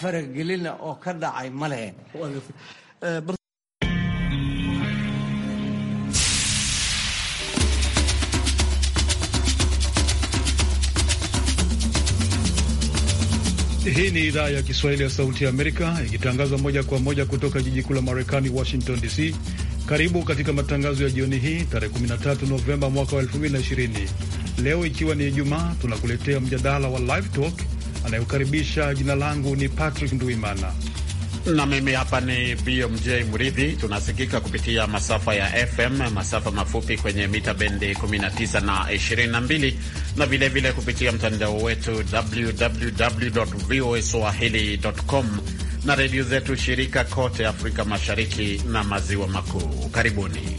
faragelina oo ka dhacay male eh, Hii ni idhaa ya Kiswahili ya Sauti ya Amerika ikitangaza moja kwa moja kutoka jiji kuu la Marekani, Washington DC. Karibu katika matangazo ya jioni hii tarehe 13 Novemba mwaka wa 2020. Leo ikiwa ni Ijumaa, tunakuletea mjadala wa Live Talk anayokaribisha. Jina langu ni Patrick Nduimana na mimi hapa ni BMJ Mridhi. Tunasikika kupitia masafa ya FM, masafa mafupi kwenye mita bendi 19 na 22, na vilevile vile kupitia mtandao wetu www voa swahili.com na redio zetu shirika kote Afrika Mashariki na Maziwa Makuu. Karibuni.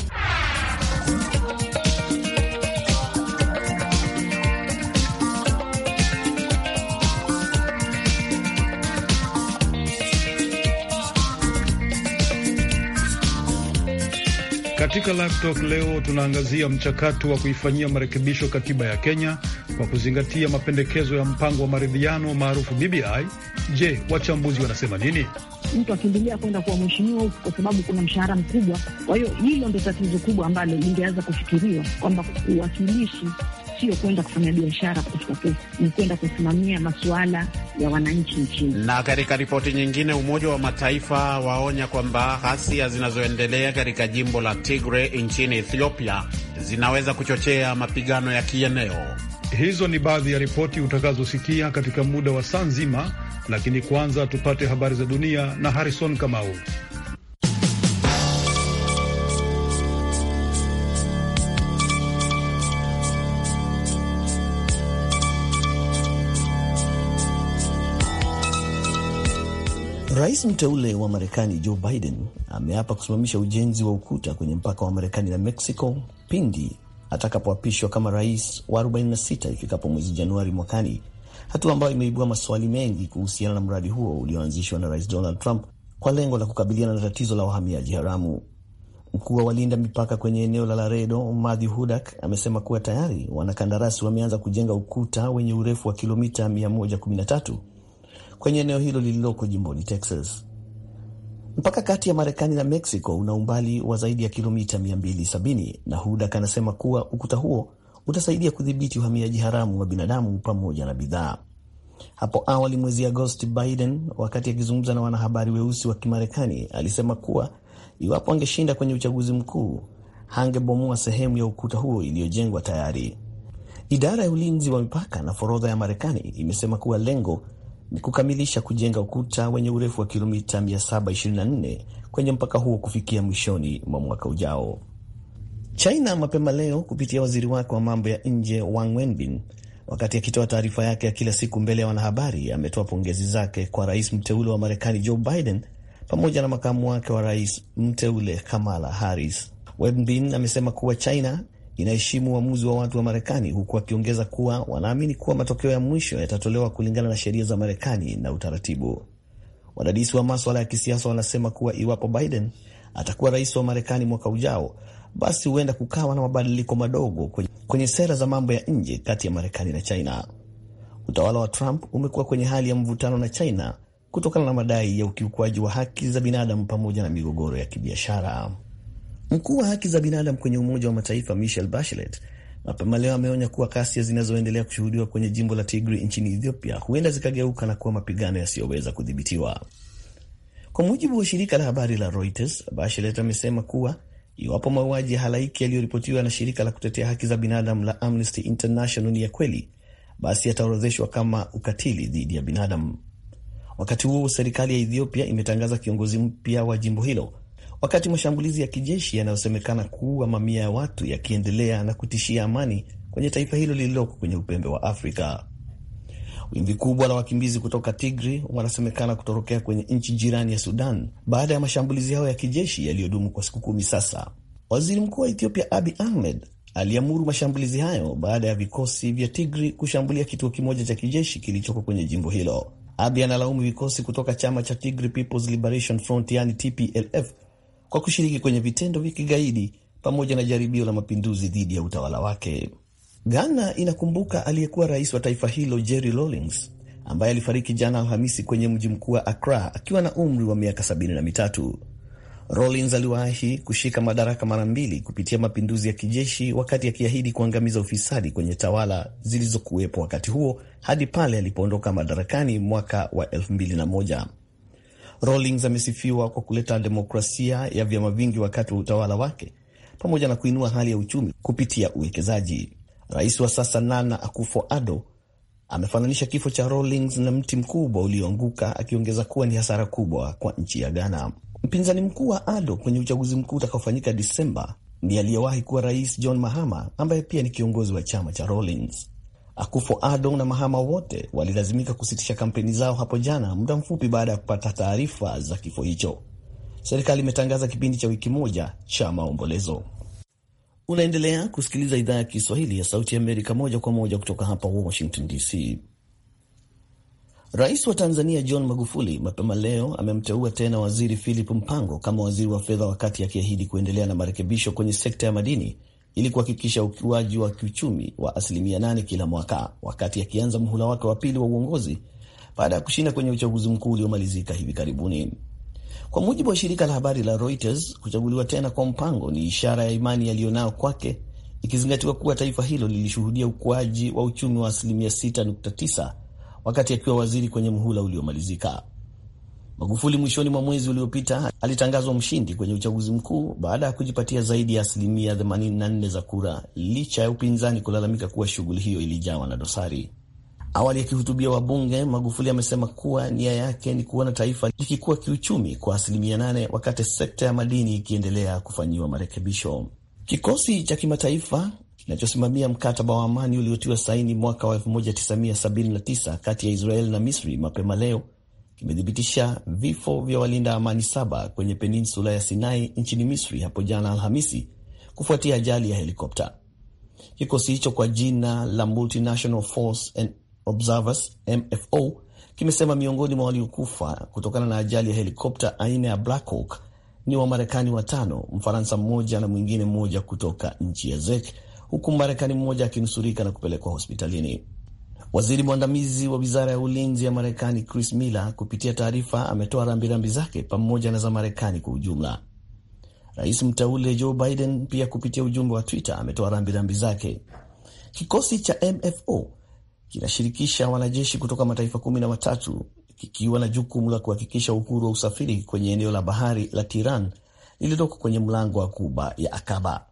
Katika Live Talk leo tunaangazia mchakato wa kuifanyia marekebisho katiba ya Kenya kwa kuzingatia mapendekezo ya mpango wa maridhiano maarufu BBI. Je, wachambuzi wanasema nini? Mtu akimbilia kwenda kuwa mheshimiwa huku kwa sababu kuna mshahara mkubwa. Kwa hiyo hilo ndo tatizo kubwa ambalo lingeanza kufikiriwa kwamba uwakilishi sio kwenda kufanya biashara kutafuta pesa, ni kwenda kusimamia masuala ya wananchi nchini. Na katika ripoti nyingine, Umoja wa Mataifa waonya kwamba ghasia zinazoendelea katika jimbo la Tigre nchini Ethiopia zinaweza kuchochea mapigano ya kieneo. Hizo ni baadhi ya ripoti utakazosikia katika muda wa saa nzima, lakini kwanza tupate habari za dunia na Harrison Kamau. Rais mteule wa Marekani Joe Biden ameapa kusimamisha ujenzi wa ukuta kwenye mpaka wa Marekani na Mexico pindi atakapoapishwa kama rais wa 46 ifikapo mwezi Januari mwakani, hatua ambayo imeibua maswali mengi kuhusiana na mradi huo ulioanzishwa na Rais Donald Trump kwa lengo la kukabiliana na tatizo la wahamiaji haramu. Mkuu wa walinda mipaka kwenye eneo la Laredo, Matthew Hudak, amesema kuwa tayari wanakandarasi wameanza kujenga ukuta wenye urefu wa kilomita kwenye eneo hilo lililoko jimboni Texas. Mpaka kati ya Marekani na Mexico una umbali wa zaidi ya kilomita 270 na Hudak anasema kuwa ukuta huo utasaidia kudhibiti uhamiaji haramu wa binadamu pamoja na bidhaa. Hapo awali mwezi Agosti, Biden wakati akizungumza na wanahabari weusi wa Kimarekani alisema kuwa iwapo angeshinda kwenye uchaguzi mkuu hangebomoa sehemu ya ukuta huo iliyojengwa tayari. Idara ya ulinzi wa mipaka na forodha ya Marekani imesema kuwa lengo ni kukamilisha kujenga ukuta wenye urefu wa kilomita 724 kwenye mpaka huo kufikia mwishoni mwa mwaka ujao. China mapema leo kupitia waziri wake wa mambo ya nje Wang Wenbin, wakati akitoa taarifa yake ya kila siku mbele ya wanahabari, ametoa pongezi zake kwa rais mteule wa Marekani Joe Biden pamoja na makamu wake wa rais mteule Kamala Harris. Wenbin amesema kuwa China inaheshimu uamuzi wa watu wa Marekani, huku akiongeza kuwa wanaamini kuwa matokeo ya mwisho yatatolewa kulingana na sheria za Marekani na utaratibu. Wadadisi wa maswala ya kisiasa wanasema kuwa iwapo Biden atakuwa rais wa Marekani mwaka ujao, basi huenda kukawa na mabadiliko madogo kwenye sera za mambo ya nje kati ya Marekani na China. Utawala wa Trump umekuwa kwenye hali ya mvutano na China kutokana na madai ya ukiukwaji wa haki za binadamu pamoja na migogoro ya kibiashara. Mkuu wa haki za binadamu kwenye Umoja wa Mataifa Michelle Bachelet mapema leo ameonya kuwa ghasia zinazoendelea kushuhudiwa kwenye jimbo la Tigri nchini Ethiopia huenda zikageuka na kuwa mapigano yasiyoweza kudhibitiwa. Kwa mujibu wa shirika la habari la Reuters, Bachelet amesema kuwa iwapo mauaji ya halaiki yaliyoripotiwa na shirika la kutetea haki za binadamu la Amnesty International ni ya kweli, basi yataorodheshwa kama ukatili dhidi ya binadamu. Wakati huo serikali ya Ethiopia imetangaza kiongozi mpya wa jimbo hilo wakati mashambulizi ya kijeshi yanayosemekana kuua mamia ya watu yakiendelea na kutishia amani kwenye taifa hilo lililoko kwenye upembe wa Afrika. Wimbi kubwa la wakimbizi kutoka Tigri wanasemekana kutorokea kwenye nchi jirani ya Sudan baada ya mashambulizi hayo ya kijeshi yaliyodumu kwa siku kumi sasa. Waziri Mkuu wa Ethiopia Abi Ahmed aliamuru mashambulizi hayo baada ya vikosi vya Tigri kushambulia kituo kimoja cha kijeshi kilichoko kwenye jimbo hilo. Abi analaumu vikosi kutoka chama cha Tigri People's Liberation Front yani TPLF kwa kushiriki kwenye vitendo vya kigaidi pamoja na jaribio la mapinduzi dhidi ya utawala wake. Ghana inakumbuka aliyekuwa rais wa taifa hilo Jerry Rawlings ambaye alifariki jana Alhamisi kwenye mji mkuu wa Accra akiwa na umri wa miaka 73. Rawlings aliwahi kushika madaraka mara mbili kupitia mapinduzi ya kijeshi, wakati akiahidi kuangamiza ufisadi kwenye tawala zilizokuwepo wakati huo hadi pale alipoondoka madarakani mwaka wa 2001. Rawlings amesifiwa kwa kuleta demokrasia ya vyama vingi wakati wa utawala wake pamoja na kuinua hali ya uchumi kupitia uwekezaji. Rais wa sasa Nana Akufo-Addo amefananisha kifo cha Rawlings na mti mkubwa ulioanguka, akiongeza kuwa ni hasara kubwa kwa nchi ya Ghana. Mpinzani mkuu wa Addo kwenye uchaguzi mkuu utakaofanyika Disemba ni aliyewahi kuwa rais John Mahama ambaye pia ni kiongozi wa chama cha Rawlings. Akufo Ado na Mahama wote walilazimika kusitisha kampeni zao hapo jana, muda mfupi baada ya kupata taarifa za kifo hicho. Serikali imetangaza kipindi cha wiki moja cha maombolezo. Unaendelea kusikiliza idhaa ya Kiswahili ya Sauti Amerika moja kwa moja kutoka hapa Washington DC. Rais wa Tanzania John Magufuli mapema leo amemteua tena Waziri Philip Mpango kama waziri wa fedha, wakati akiahidi kuendelea na marekebisho kwenye sekta ya madini ili kuhakikisha ukuaji wa kiuchumi wa asilimia nane kila mwaka, wakati akianza mhula wake wa pili wa uongozi baada ya kushinda kwenye uchaguzi mkuu uliomalizika hivi karibuni. Kwa mujibu wa shirika la habari la Reuters, kuchaguliwa tena kwa Mpango ni ishara ya imani yaliyonayo kwake, ikizingatiwa kuwa taifa hilo lilishuhudia ukuaji wa uchumi wa asilimia 6.9 wakati akiwa waziri kwenye mhula uliomalizika. Magufuli mwishoni mwa mwezi uliopita alitangazwa mshindi kwenye uchaguzi mkuu baada ya kujipatia zaidi ya asilimia 84 za kura licha ya upinzani kulalamika kuwa shughuli hiyo ilijawa na dosari. Awali akihutubia wabunge, Magufuli amesema kuwa nia yake ni kuona taifa likikuwa kiuchumi kwa asilimia 8 wakati sekta ya madini ikiendelea kufanyiwa marekebisho. Kikosi cha kimataifa kinachosimamia mkataba wa amani uliotiwa saini mwaka wa 1979 kati ya Israeli na Misri mapema leo kimethibitisha vifo vya walinda amani saba kwenye peninsula ya Sinai nchini Misri hapo jana Alhamisi kufuatia ajali ya helikopta. Kikosi hicho kwa jina la Multinational Force and Observers MFO kimesema miongoni mwa waliokufa kutokana na ajali ya helikopta aina ya Black Hawk ni Wamarekani watano, Mfaransa mmoja na mwingine mmoja kutoka nchi ya Zek, huku Marekani mmoja akinusurika na kupelekwa hospitalini. Waziri mwandamizi wa wizara ya ulinzi ya Marekani Chris Miller kupitia taarifa ametoa rambirambi zake pamoja na za Marekani kwa ujumla. Rais mteule Joe Biden pia kupitia ujumbe wa Twitter ametoa rambirambi zake. Kikosi cha MFO kinashirikisha wanajeshi kutoka mataifa kumi na watatu kikiwa na jukumu la kuhakikisha uhuru wa usafiri kwenye eneo la bahari la Tiran lililoko kwenye mlango wa Kuba ya Akaba.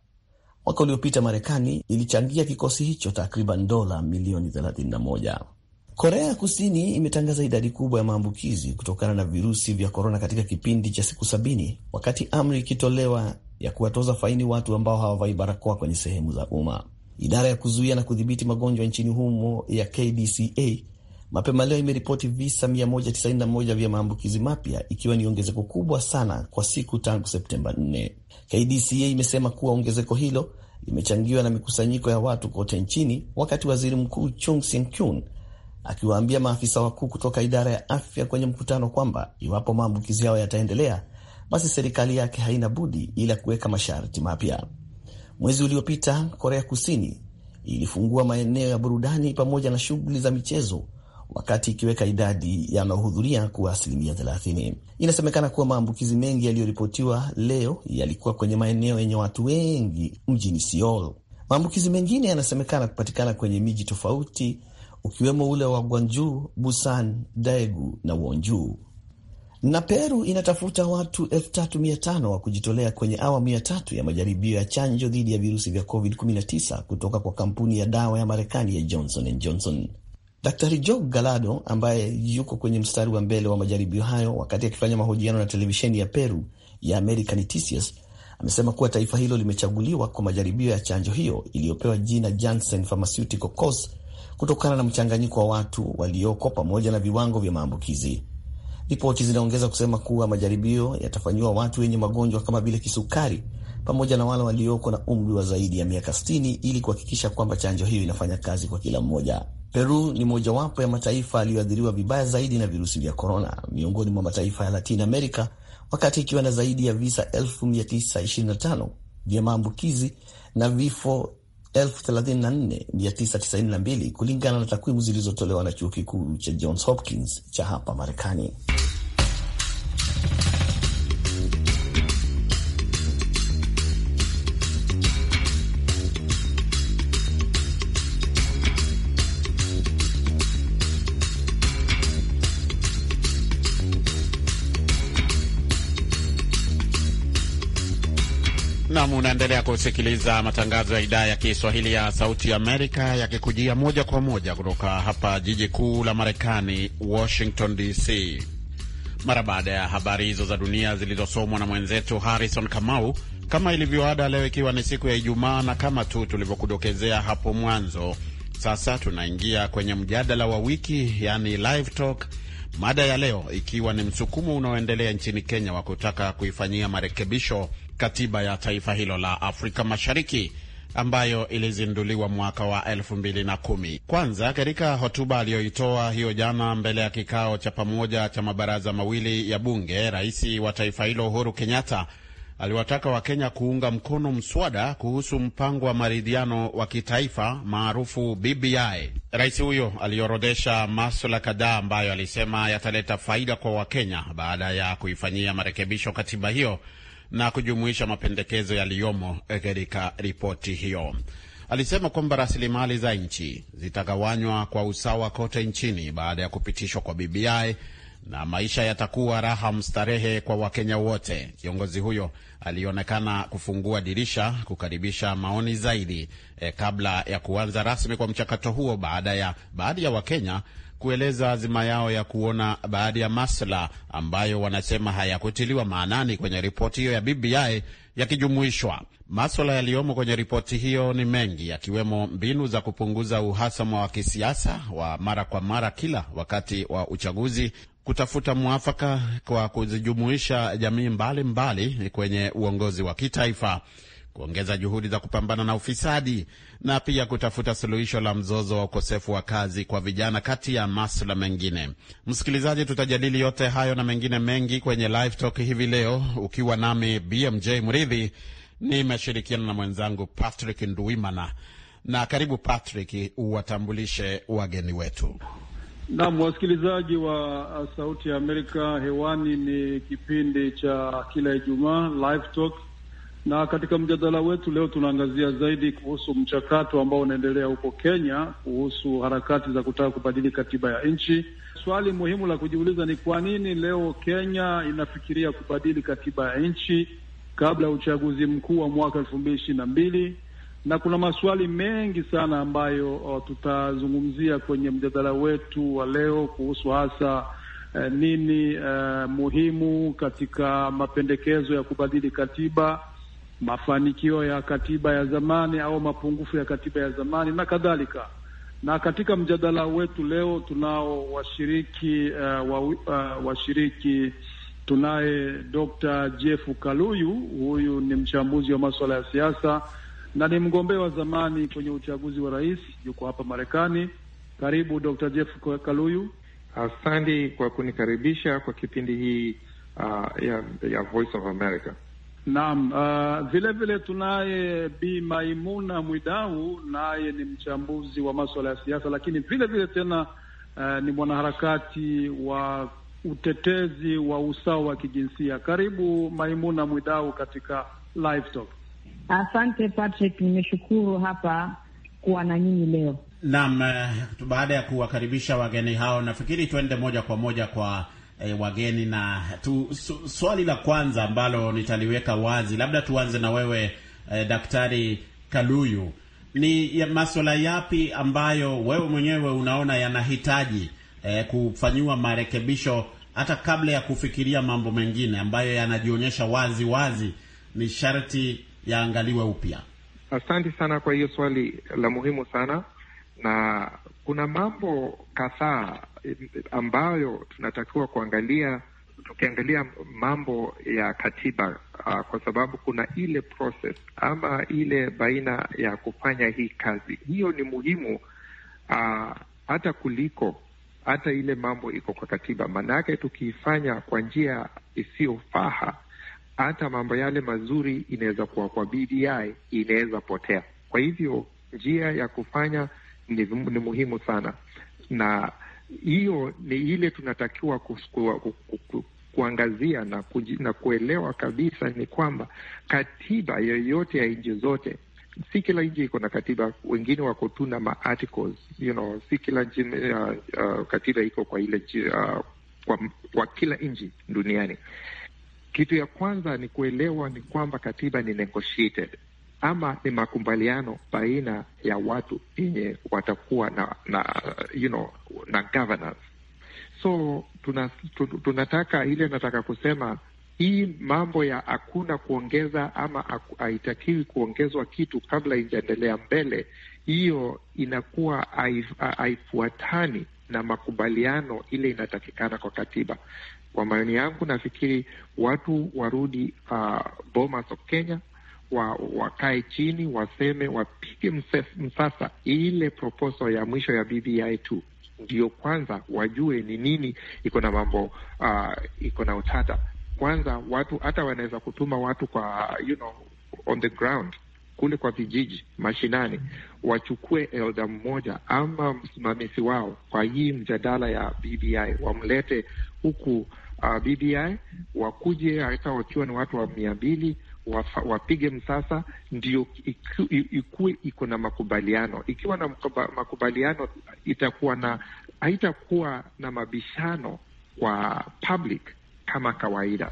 Mwaka uliopita Marekani ilichangia kikosi hicho takriban dola milioni 31. Korea ya Kusini imetangaza idadi kubwa ya maambukizi kutokana na virusi vya korona katika kipindi cha siku sabini, wakati amri ikitolewa ya kuwatoza faini watu ambao hawavai barakoa kwenye sehemu za umma. Idara ya kuzuia na kudhibiti magonjwa nchini humo ya KDCA mapema leo imeripoti visa 191 vya maambukizi mapya, ikiwa ni ongezeko kubwa sana kwa siku tangu Septemba 4. KDCA imesema kuwa ongezeko hilo limechangiwa na mikusanyiko ya watu kote nchini, wakati waziri mkuu Chung Sienkun akiwaambia maafisa wakuu kutoka idara ya afya kwenye mkutano kwamba iwapo maambukizi yao yataendelea, basi serikali yake haina budi ila kuweka masharti mapya. Mwezi uliopita Korea Kusini ilifungua maeneo ya burudani pamoja na shughuli za michezo wakati ikiweka idadi ya wanaohudhuria kuwa asilimia 30. Inasemekana kuwa maambukizi mengi yaliyoripotiwa leo yalikuwa kwenye maeneo yenye watu wengi mjini Seoul. Maambukizi mengine yanasemekana kupatikana kwenye miji tofauti ukiwemo ule wa Gwanju, Busan, Daegu na Wonju. Na Peru inatafuta watu 3500 wa kujitolea kwenye awamu ya tatu ya majaribio ya chanjo dhidi ya virusi vya COVID-19 kutoka kwa kampuni ya dawa ya Marekani ya Johnson and Johnson. Daktari Joe Galado ambaye yuko kwenye mstari wa mbele wa majaribio hayo, wakati akifanya mahojiano na televisheni ya Peru ya American Noticias, amesema kuwa taifa hilo limechaguliwa kwa majaribio ya chanjo hiyo iliyopewa jina Janssen Pharmaceutical Cos kutokana na mchanganyiko wa watu walioko pamoja na viwango vya maambukizi. Ripoti zinaongeza kusema kuwa majaribio yatafanyiwa watu wenye magonjwa kama vile kisukari pamoja na wale walioko na umri wa zaidi ya miaka 60 ili kuhakikisha kwamba chanjo hiyo inafanya kazi kwa kila mmoja. Peru ni mojawapo ya mataifa yaliyoathiriwa vibaya zaidi na virusi vya korona miongoni mwa mataifa ya Latin America, wakati ikiwa na zaidi ya visa 925 vya maambukizi na vifo 34992 kulingana na takwimu zilizotolewa na chuo kikuu cha Johns Hopkins cha hapa Marekani. Unaendelea kusikiliza matangazo ya idhaa ya Kiswahili ya Sauti ya Amerika yakikujia moja kwa moja kutoka hapa jiji kuu la Marekani, Washington DC. Mara baada ya habari hizo za dunia zilizosomwa na mwenzetu Harrison Kamau, kama ilivyoada, leo ikiwa ni siku ya Ijumaa, na kama tu tulivyokudokezea hapo mwanzo, sasa tunaingia kwenye mjadala wa wiki, yani live talk, mada ya leo ikiwa ni msukumo unaoendelea nchini Kenya wa kutaka kuifanyia marekebisho katiba ya taifa hilo la Afrika Mashariki ambayo ilizinduliwa mwaka wa elfu mbili na kumi. Kwanza, katika hotuba aliyoitoa hiyo jana mbele ya kikao cha pamoja cha mabaraza mawili ya bunge, rais wa taifa hilo Uhuru Kenyatta aliwataka Wakenya kuunga mkono mswada kuhusu mpango wa maridhiano wa kitaifa maarufu BBI. Rais huyo aliorodhesha maswala kadhaa ambayo alisema yataleta faida kwa Wakenya baada ya kuifanyia marekebisho katiba hiyo na kujumuisha mapendekezo yaliyomo eh, katika ripoti hiyo. Alisema kwamba rasilimali za nchi zitagawanywa kwa usawa kote nchini baada ya kupitishwa kwa BBI na maisha yatakuwa raha mstarehe kwa Wakenya wote. Kiongozi huyo alionekana kufungua dirisha kukaribisha maoni zaidi eh, kabla ya kuanza rasmi kwa mchakato huo, baada ya baadhi ya Wakenya kueleza azima yao ya kuona baadhi ya masuala ambayo wanasema hayakutiliwa maanani kwenye ripoti hiyo ya BBI yakijumuishwa. Maswala yaliyomo kwenye ripoti hiyo ni mengi, yakiwemo mbinu za kupunguza uhasama wa kisiasa wa mara kwa mara kila wakati wa uchaguzi, kutafuta mwafaka kwa kuzijumuisha jamii mbalimbali mbali kwenye uongozi wa kitaifa kuongeza juhudi za kupambana na ufisadi na pia kutafuta suluhisho la mzozo wa ukosefu wa kazi kwa vijana, kati ya masuala mengine. Msikilizaji, tutajadili yote hayo na mengine mengi kwenye Live Talk hivi leo, ukiwa nami BMJ Mridhi, nimeshirikiana na mwenzangu Patrick nduimana Na karibu Patrick, uwatambulishe wageni wetu. Naam, wasikilizaji wa uh, Sauti ya Amerika, hewani ni kipindi cha kila Ijumaa Live Talk na katika mjadala wetu leo tunaangazia zaidi kuhusu mchakato ambao unaendelea huko Kenya kuhusu harakati za kutaka kubadili katiba ya nchi. Swali muhimu la kujiuliza ni kwa nini leo Kenya inafikiria kubadili katiba ya nchi kabla ya uchaguzi mkuu wa mwaka elfu mbili ishirini na mbili na kuna maswali mengi sana ambayo uh, tutazungumzia kwenye mjadala wetu wa leo kuhusu hasa eh, nini eh, muhimu katika mapendekezo ya kubadili katiba mafanikio ya katiba ya zamani au mapungufu ya katiba ya zamani na kadhalika. Na katika mjadala wetu leo tunao washiriki uh, wa, uh, washiriki tunaye Dr. Jeff Kaluyu, huyu ni mchambuzi wa masuala ya siasa na ni mgombea wa zamani kwenye uchaguzi wa rais, yuko hapa Marekani. Karibu Dr. Jeff Kaluyu. Asante kwa kunikaribisha kwa kipindi hii uh, ya, ya Voice of America. Naam, uh, vile vile tunaye Bi Maimuna Mwidau, naye ni mchambuzi wa masuala ya siasa, lakini vile vile tena uh, ni mwanaharakati wa utetezi wa usawa wa kijinsia. Karibu Maimuna Mwidau katika Live Talk. Asante Patrick, nimeshukuru hapa kuwa na nyinyi leo. Naam, uh, baada ya kuwakaribisha wageni hao, nafikiri tuende moja kwa moja kwa e, wageni na tu, su, swali la kwanza ambalo nitaliweka wazi, labda tuanze na wewe e, Daktari Kaluyu, ni ya maswala yapi ambayo wewe mwenyewe unaona yanahitaji e, kufanyiwa marekebisho hata kabla ya kufikiria mambo mengine ambayo yanajionyesha wazi wazi ni sharti yaangaliwe upya? Asante sana kwa hiyo swali la muhimu sana, na kuna mambo kadhaa ambayo tunatakiwa kuangalia tukiangalia mambo ya katiba uh, kwa sababu kuna ile process ama ile baina ya kufanya hii kazi, hiyo ni muhimu uh, hata kuliko hata ile mambo iko kwa katiba. Maanake tukiifanya kwa njia isiyofaha, hata mambo yale mazuri inaweza kuwa kwa bdi inaweza potea. Kwa hivyo njia ya kufanya ni, ni muhimu sana na hiyo ni ile tunatakiwa kuskua, kuangazia na, kuji, na kuelewa kabisa ni kwamba katiba yoyote ya nchi zote si kila nchi iko na katiba, wengine wako tu na ma-articles you know, si kila nchi uh, uh, katiba iko kwa ile uh, kwa, kwa kila nchi duniani. Kitu ya kwanza ni kuelewa ni kwamba katiba ni negotiated ama ni makubaliano baina ya watu yenye watakuwa na na you know, na governance. So tuna, tunataka ile nataka kusema hii mambo ya hakuna kuongeza ama haitakiwi kuongezwa kitu kabla ijaendelea mbele, hiyo inakuwa haifuatani na makubaliano ile inatakikana kwa katiba. Kwa maoni yangu, nafikiri watu warudi uh, Bomas of Kenya wakae chini waseme, wapige msasa ile proposal ya mwisho ya BBI tu ndio kwanza wajue ni nini iko na mambo uh, iko na utata. Kwanza watu hata wanaweza kutuma watu kwa you know, on the ground kule kwa vijiji mashinani, wachukue elda mmoja ama msimamizi wao kwa hii mjadala ya BBI, wamlete huku uh, ah, BBI, wakuje hata wakiwa ni watu wa mia mbili wapige msasa ndio ikuwe iko na makubaliano. Ikiwa na makubaliano, itakuwa na haitakuwa na mabishano kwa public kama kawaida.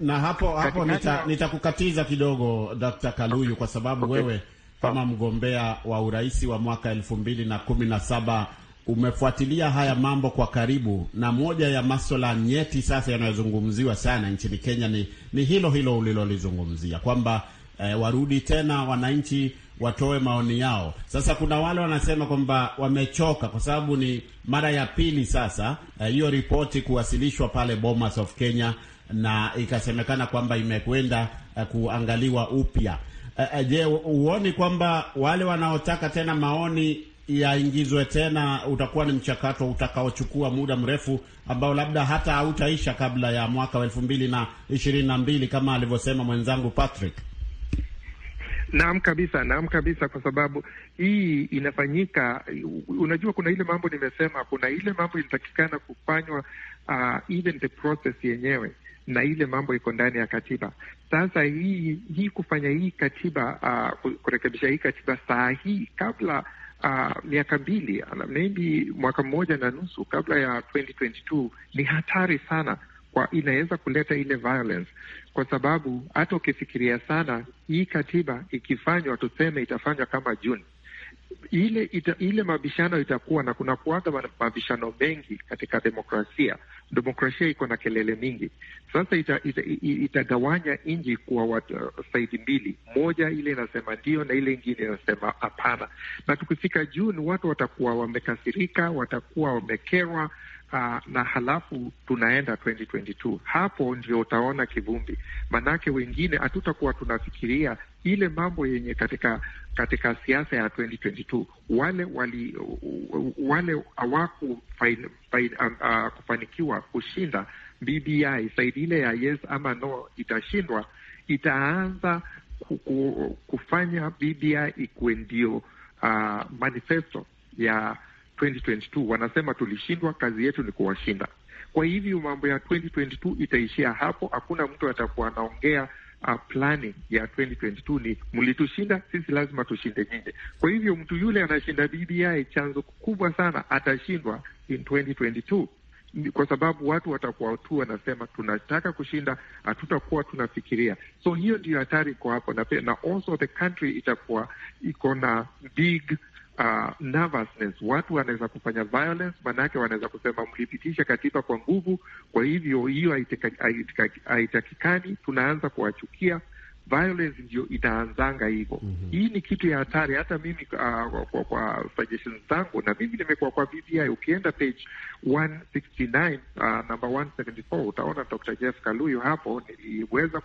Na hapo hapo nitakukatiza nita kidogo Dr. Kaluyu kwa sababu okay, wewe kama mgombea wa urais wa mwaka elfu mbili na kumi na saba umefuatilia haya mambo kwa karibu, na moja ya maswala nyeti sasa yanayozungumziwa sana nchini Kenya ni, ni hilo hilo ulilolizungumzia kwamba eh, warudi tena wananchi watoe maoni yao. Sasa kuna wale wanasema kwamba wamechoka kwa sababu ni mara ya pili sasa eh, hiyo eh, ripoti kuwasilishwa pale Bomas of Kenya na ikasemekana kwamba imekwenda eh, kuangaliwa upya. Eh, eh, je, huoni kwamba wale wanaotaka tena maoni yaingizwe tena, utakuwa ni mchakato utakaochukua muda mrefu ambao labda hata hautaisha kabla ya mwaka wa elfu mbili na ishirini na mbili kama alivyosema mwenzangu Patrick. Naam kabisa, naam kabisa, kwa sababu hii inafanyika. Unajua, kuna ile mambo nimesema, kuna ile mambo inatakikana kufanywa, uh, even the process yenyewe na ile mambo iko ndani ya katiba. Sasa hii hii kufanya hii katiba uh, kurekebisha hii katiba saa hii kabla Ah, miaka mbili maybe mwaka mmoja na nusu kabla ya 2022 ni hatari sana kwa, inaweza kuleta ile violence kwa sababu hata ukifikiria sana, hii katiba ikifanywa, tuseme itafanywa kama Juni, ile ita, ile mabishano itakuwa na kuna kuaga mabishano mengi katika demokrasia. Demokrasia iko na kelele mingi. Sasa itagawanya ita, ita nji kuwa watu, uh, saidi mbili, moja ile inasema ndio na ile ingine inasema hapana. Na tukifika Juni watu watakuwa wamekasirika, watakuwa wamekerwa uh, na halafu tunaenda 2022. Hapo ndio utaona kivumbi, manake wengine hatutakuwa tunafikiria ile mambo yenye katika katika siasa ya 2022 wale wali wale hawaku uh, kufanikiwa kushinda BBI saidi ile ya yes ama no itashindwa, itaanza kuku, kufanya BBI ikuwe ndio uh, manifesto ya 2022 wanasema tulishindwa, kazi yetu ni kuwashinda. Kwa hivyo mambo ya 2022 itaishia hapo, hakuna mtu atakuwa anaongea Uh, plani ya 2022 ni mlitushinda sisi, lazima tushinde nyinyi. Kwa hivyo mtu yule anashinda BBI, chanzo kubwa sana atashindwa in 2022 kwa sababu watu watakuwa tu wanasema tunataka kushinda, hatutakuwa tunafikiria. So hiyo ndio hatari iko hapo, na na also the country itakuwa iko na big uh, nervousness. Watu wanaweza kufanya violence, maanake wanaweza kusema mlipitisha katiba kwa nguvu, kwa hivyo hiyo haitakikani, tunaanza kuwachukia. Violence ndio itaanzanga hivyo. mm -hmm. Hii ni kitu ya hatari. Hata mimi uh, kwa, kwa suggestions zangu na mimi nimekuwa kwa BBI, ukienda page 169 uh, namba 174 utaona Dr. Jeff Kaluyu hapo. Niliweza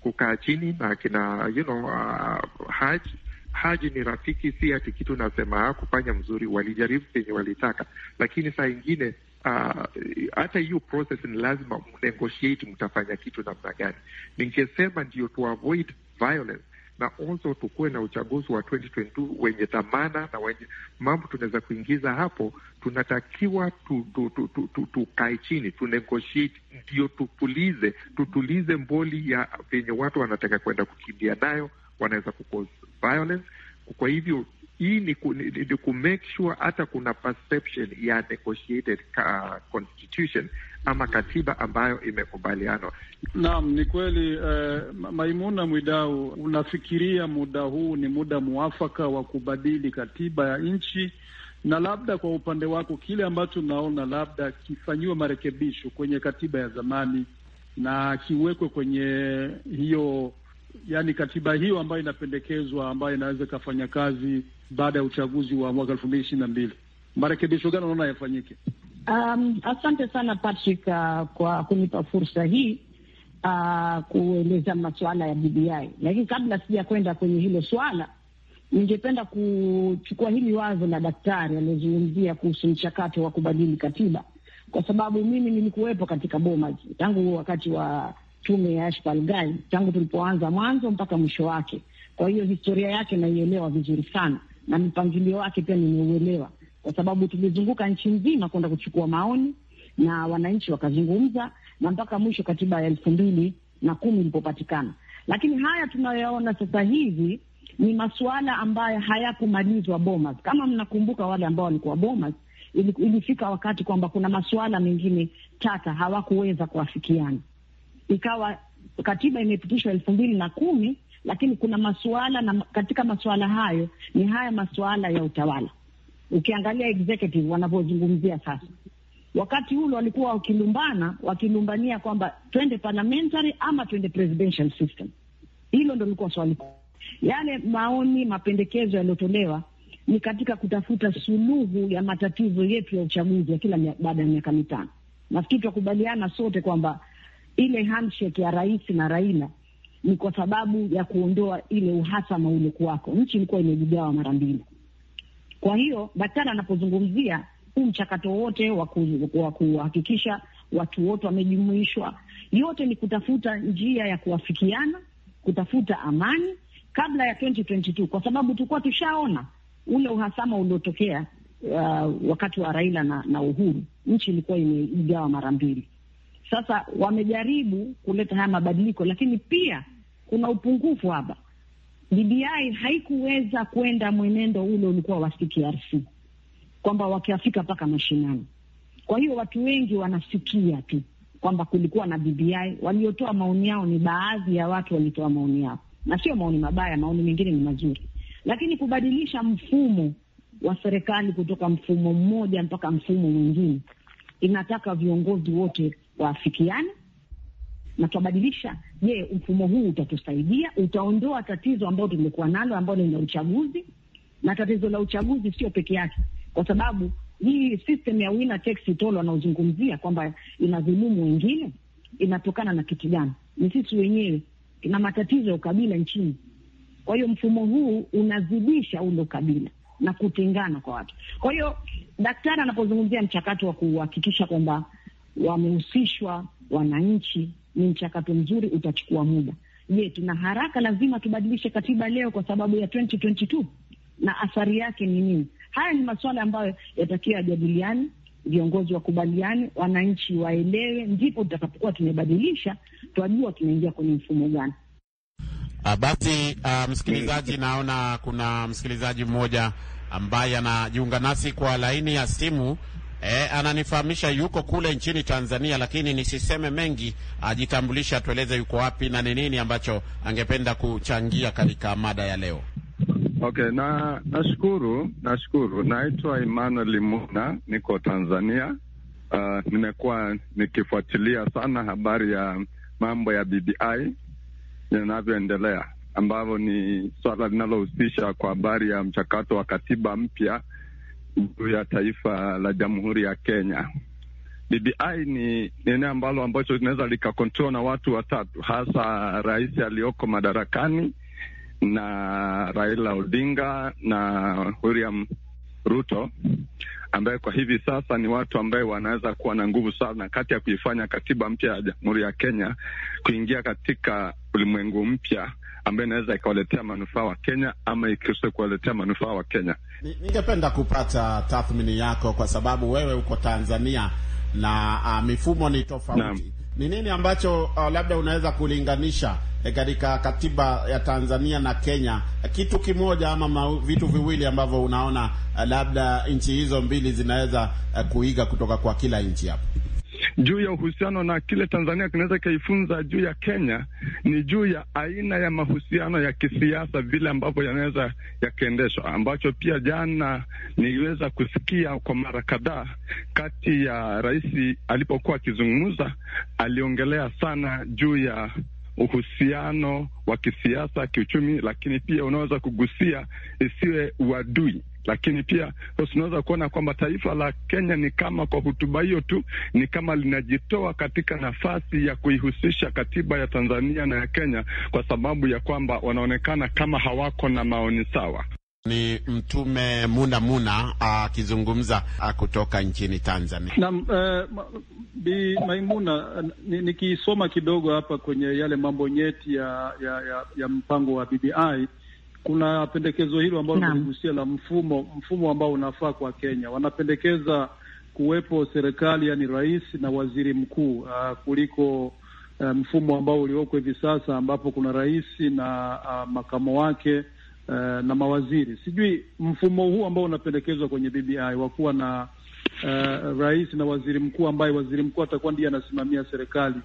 kukaa chini na kina you know, uh, Haji Haji ni rafiki, si ati kitu nasema ah, kufanya mzuri, walijaribu venye walitaka, lakini saa ingine ah, hata uh, hiyo process ni lazima mnegotiate, mtafanya kitu namna gani. Ningesema ndio tu avoid violence na also tukuwe na uchaguzi wa 2022 wenye dhamana na wenye mambo tunaweza kuingiza hapo. Tunatakiwa tukae tu, tu, tu, tu, tu, chini tu negotiate, ndio tupulize tutulize mboli ya venye watu wanataka kwenda kukimbia nayo wanaweza ku violence. Kwa hivyo hii ni, ku, ni, ni ku make sure hata kuna perception ya negotiated uh, constitution ama katiba ambayo imekubalianwa. Naam, ni kweli eh. Maimuna Mwidau, unafikiria muda huu ni muda mwafaka wa kubadili katiba ya nchi? Na labda kwa upande wako kile ambacho unaona labda kifanyiwe marekebisho kwenye katiba ya zamani na kiwekwe kwenye hiyo yani katiba hiyo ambayo inapendekezwa ambayo inaweza ikafanya kazi baada ya uchaguzi wa mwaka elfu mbili ishirini na mbili marekebisho gani unaona yafanyike? Um, asante sana Patrick, uh, kwa kunipa fursa hii uh, kueleza masuala ya BBI, lakini kabla sija kwenda kwenye hilo swala, ningependa kuchukua hili wazo la daktari aliyozungumzia kuhusu mchakato wa kubadili katiba, kwa sababu mimi nilikuwepo katika Bomas tangu wakati wa tume ya Ashbal tangu tulipoanza mwanzo mpaka mwisho wake. Kwa hiyo historia yake naielewa vizuri sana na mpangilio wake pia nimeuelewa, kwa sababu tulizunguka nchi nzima kwenda kuchukua maoni na wananchi wakazungumza, na mpaka mwisho katiba ya elfu mbili na kumi ilipopatikana. Lakini haya tunayoyaona sasa hivi ni masuala ambayo hayakumalizwa Bomas. Kama mnakumbuka wale ambao walikuwa Bomas, ilifika wakati kwamba kuna masuala mengine tata hawakuweza kuafikiana ikawa katiba imepitishwa elfu mbili na kumi, lakini kuna masuala na katika masuala hayo ni haya masuala ya utawala. Ukiangalia executive wanavyozungumzia sasa, wakati ule walikuwa wakilumbana, wakilumbania kwamba twende parliamentary ama twende presidential system. Hilo ndo likuwa swali. Yale maoni, mapendekezo yaliyotolewa ni katika kutafuta suluhu ya matatizo yetu ya uchaguzi ya kila baada ya miaka mitano. Nafikiri twakubaliana sote kwamba ile handshake ya rais na Raila ni kwa sababu ya kuondoa ile uhasama uliokuwako. Nchi ilikuwa imejigawa mara mbili. Kwa hiyo daktari anapozungumzia huu mchakato wote wa kuhakikisha watu wote wamejumuishwa, yote ni kutafuta njia ya kuwafikiana, kutafuta amani kabla ya 2022 kwa sababu tulikuwa tushaona ule uhasama uliotokea uh, wakati wa Raila na, na Uhuru, nchi ilikuwa imejigawa mara mbili. Sasa wamejaribu kuleta haya mabadiliko, lakini pia kuna upungufu hapa. BBI haikuweza kwenda mwenendo ule ulikuwa wa CTRC kwamba wakiafika mpaka mashinani. Kwa hiyo watu wengi wanasikia tu kwamba kulikuwa na BBI. Waliotoa maoni yao ni baadhi ya watu walitoa maoni yao, na sio maoni mabaya, maoni mengine ni mazuri, lakini kubadilisha mfumo wa serikali kutoka mfumo mmoja mpaka mfumo mwingine inataka viongozi wote waafikiane na tutabadilisha. Je, mfumo huu utatusaidia? Utaondoa tatizo ambayo tumekuwa nalo ambalo ni la uchaguzi, na tatizo la uchaguzi sio peke yake, kwa sababu hii system ya winner takes it all wanaozungumzia kwamba inadhulumu wengine inatokana na kitu gani? Ni sisi wenyewe, na matatizo ya ukabila nchini. Kwa hiyo mfumo huu unazidisha ule ukabila na kutengana kwa watu. Kwa hiyo daktari anapozungumzia mchakato wa kuhakikisha kwamba wamehusishwa wananchi, ni mchakato mzuri, utachukua muda. Je, tuna haraka? Lazima tubadilishe katiba leo kwa sababu ya 2022 na athari yake ni nini? Haya ni masuala ambayo yatakiwa yajadiliani, viongozi wakubaliani, wananchi waelewe, ndipo tutakapokuwa tumebadilisha, twajua tunaingia kwenye mfumo gani. Ah, basi uh, msikilizaji, naona kuna msikilizaji mmoja ambaye anajiunga nasi kwa laini ya simu. E, ananifahamisha yuko kule nchini Tanzania, lakini nisiseme mengi, ajitambulisha, atueleze yuko wapi na ni nini ambacho angependa kuchangia katika mada ya leo. Okay, na nashukuru, nashukuru. Naitwa Emmanuel Limuna, niko Tanzania. Uh, nimekuwa nikifuatilia sana habari ya mambo ya BBI yanavyoendelea ambalo ni swala linalohusisha kwa habari ya mchakato wa katiba mpya juu ya taifa la Jamhuri ya Kenya. BBI ni eneo ambalo ambacho linaweza likakontrol na watu watatu, hasa rais aliyoko madarakani na Raila Odinga na William Ruto, ambaye kwa hivi sasa ni watu ambaye wanaweza kuwa na nguvu sana kati ya kuifanya katiba mpya ya Jamhuri ya Kenya kuingia katika ulimwengu mpya ambayo inaweza ikawaletea manufaa wa Kenya ama ikiweza kuwaletea manufaa wa Kenya. Ningependa kupata tathmini yako kwa sababu wewe uko Tanzania na uh, mifumo ni tofauti ni nini ambacho uh, labda unaweza kulinganisha eh, katika katiba ya Tanzania na Kenya, kitu kimoja ama ma, vitu viwili ambavyo unaona uh, labda nchi hizo mbili zinaweza uh, kuiga kutoka kwa kila nchi hapo? juu ya uhusiano na kile Tanzania kinaweza ikaifunza juu ya Kenya ni juu ya aina ya mahusiano ya kisiasa vile ambavyo yanaweza yakaendeshwa ambacho pia jana niliweza kusikia kwa mara kadhaa kati ya rais alipokuwa akizungumza, aliongelea sana juu ya uhusiano wa kisiasa, kiuchumi, lakini pia unaweza kugusia isiwe uadui lakini pia tunaweza kuona kwamba taifa la Kenya ni kama kwa hotuba hiyo tu ni kama linajitoa katika nafasi ya kuihusisha katiba ya Tanzania na ya Kenya kwa sababu ya kwamba wanaonekana kama hawako na maoni sawa. Ni Mtume Muna Muna ah, akizungumza ah, kutoka nchini Tanzania. Naam, uh, Bi Maimuna, nikisoma ni kidogo hapa kwenye yale mambo nyeti ya, ya, ya, ya mpango wa BBI kuna pendekezo hilo ambalo tuligusia la mfumo mfumo ambao unafaa kwa Kenya. Wanapendekeza kuwepo serikali, yani rais na waziri mkuu uh, kuliko uh, mfumo ambao ulioko hivi sasa ambapo kuna rais na uh, makamo wake uh, na mawaziri. Sijui mfumo huu ambao unapendekezwa kwenye BBI wa kuwa na uh, rais na waziri mkuu ambaye waziri mkuu atakuwa ndiye anasimamia serikali,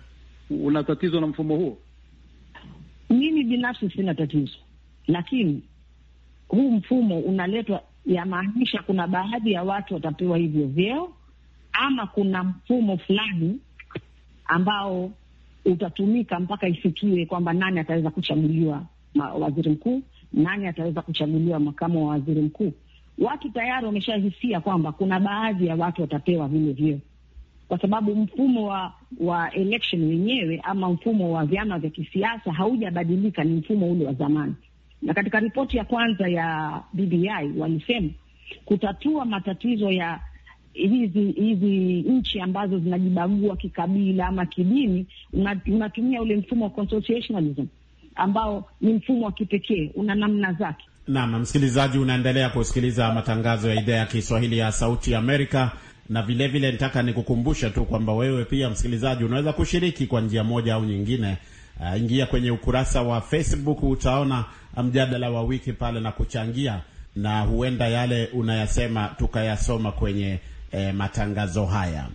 una tatizo na mfumo huo? Mimi binafsi sina tatizo lakini huu mfumo unaletwa, yamaanisha kuna baadhi ya watu watapewa hivyo vyeo, ama kuna mfumo fulani ambao utatumika mpaka ifikie kwamba nani ataweza kuchaguliwa waziri mkuu, nani ataweza kuchaguliwa makamu wa waziri mkuu. Watu tayari wameshahisia kwamba kuna baadhi ya watu watapewa vile vyeo, kwa sababu mfumo wa wa election wenyewe ama mfumo wa vyama vya kisiasa haujabadilika, ni mfumo ule wa zamani. Na katika ripoti ya kwanza ya BBI walisema kutatua matatizo ya hizi hizi nchi ambazo zinajibagua kikabila ama kidini, unatumia ule mfumo wa consociationalism ambao ni mfumo wa kipekee, una namna zake. Naam, msikilizaji, unaendelea kusikiliza matangazo ya idhaa ya Kiswahili ya Sauti ya Amerika na vilevile, nitaka nikukumbushe tu kwamba wewe pia msikilizaji unaweza kushiriki kwa njia moja au nyingine Uh, ingia kwenye ukurasa wa Facebook utaona eh, mjadala wa wiki pale na kuchangia, na huenda yale unayasema tukayasoma kwenye eh, matangazo haya.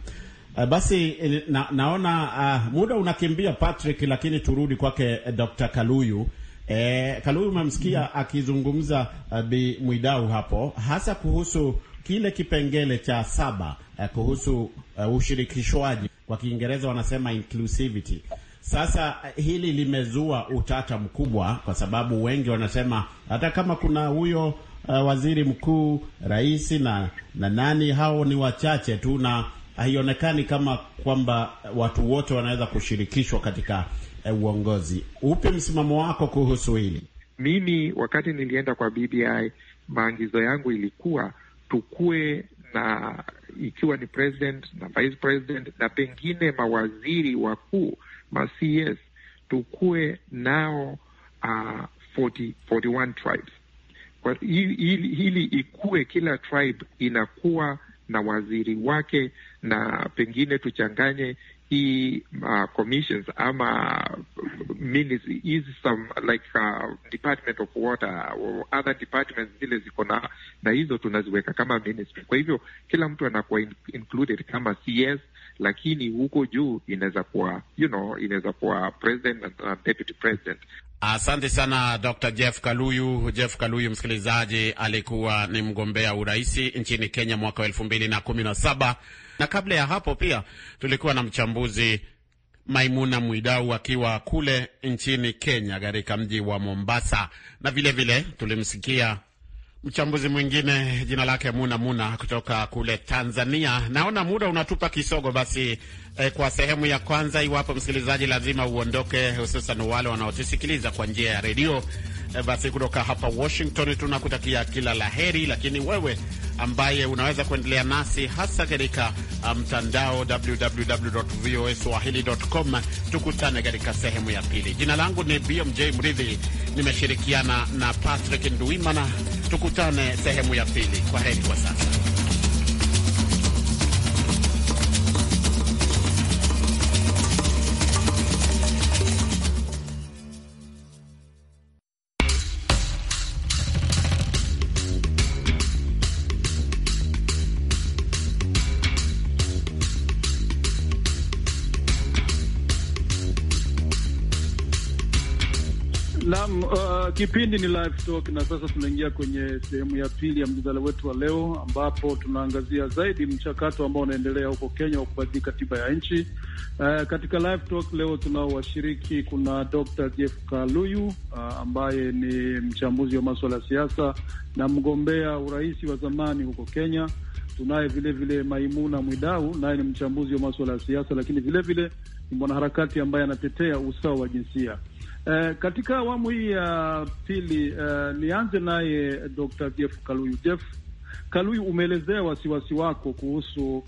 Uh, basi na, naona uh, muda unakimbia Patrick, lakini turudi kwake Dr. Kaluyu. Eh, Kaluyu umemsikia mm akizungumza uh, Bi Mwidau hapo hasa kuhusu kile kipengele cha saba uh, kuhusu uh, ushirikishwaji kwa Kiingereza wanasema inclusivity sasa eh, hili limezua utata mkubwa, kwa sababu wengi wanasema hata kama kuna huyo uh, waziri mkuu, rais na, na nani, hao ni wachache tu, na haionekani kama kwamba watu wote wanaweza kushirikishwa katika uh, uongozi. Upi msimamo wako kuhusu hili? Mimi wakati nilienda kwa BBI, maagizo yangu ilikuwa tukuwe na ikiwa ni president na vice president na pengine mawaziri wakuu basi yes, tukuwe nao uh, 40, 41 tribes. Kwa hili, hili ikuwe kila tribe inakuwa na waziri wake, na pengine tuchanganye hii uh, commissions ama uh, ministry some like uh, department of water or other departments zile ziko na na hizo tunaziweka kama ministry. Kwa hivyo kila mtu anakuwa included kama CS lakini huko juu inaweza kuwa you know, inaweza kuwa president na deputy president. Asante sana Dr. Jeff Kaluyu. Jeff Kaluyu, msikilizaji, alikuwa ni mgombea uraisi nchini Kenya mwaka wa elfu mbili na kumi na saba na kabla ya hapo pia tulikuwa na mchambuzi Maimuna Mwidau akiwa kule nchini Kenya katika mji wa Mombasa, na vilevile vile, tulimsikia Mchambuzi mwingine jina lake Muna Muna kutoka kule Tanzania. Naona muda unatupa kisogo, basi eh, kwa sehemu ya kwanza, iwapo msikilizaji lazima uondoke, hususan wale wanaotusikiliza kwa njia ya redio Eh, basi kutoka hapa Washington tunakutakia kila la heri, lakini wewe ambaye unaweza kuendelea nasi hasa katika ah, mtandao um, www.voaswahili.com. Tukutane katika sehemu ya pili. Jina langu ni BMJ Mridhi, nimeshirikiana na Patrick Nduimana. Tukutane sehemu ya pili. Kwa heri kwa sasa. Kipindi ni Live Talk na sasa tunaingia kwenye sehemu ya pili ya mjadala wetu wa leo, ambapo tunaangazia zaidi mchakato ambao unaendelea huko Kenya wa kubadili katiba ya nchi. Uh, katika Live Talk leo tunao washiriki, kuna Dr. Jeff Kaluyu uh, ambaye ni mchambuzi wa maswala ya siasa na mgombea urais wa zamani huko Kenya. Tunaye vilevile Maimuna Mwidau, naye ni mchambuzi wa maswala ya siasa, lakini vilevile ni mwanaharakati ambaye anatetea usawa wa jinsia. Eh, katika awamu hii ya uh, pili uh, nianze naye Dr. Jeff Kaluyu. Jeff Kaluyu, umeelezea wasiwasi wako kuhusu uh,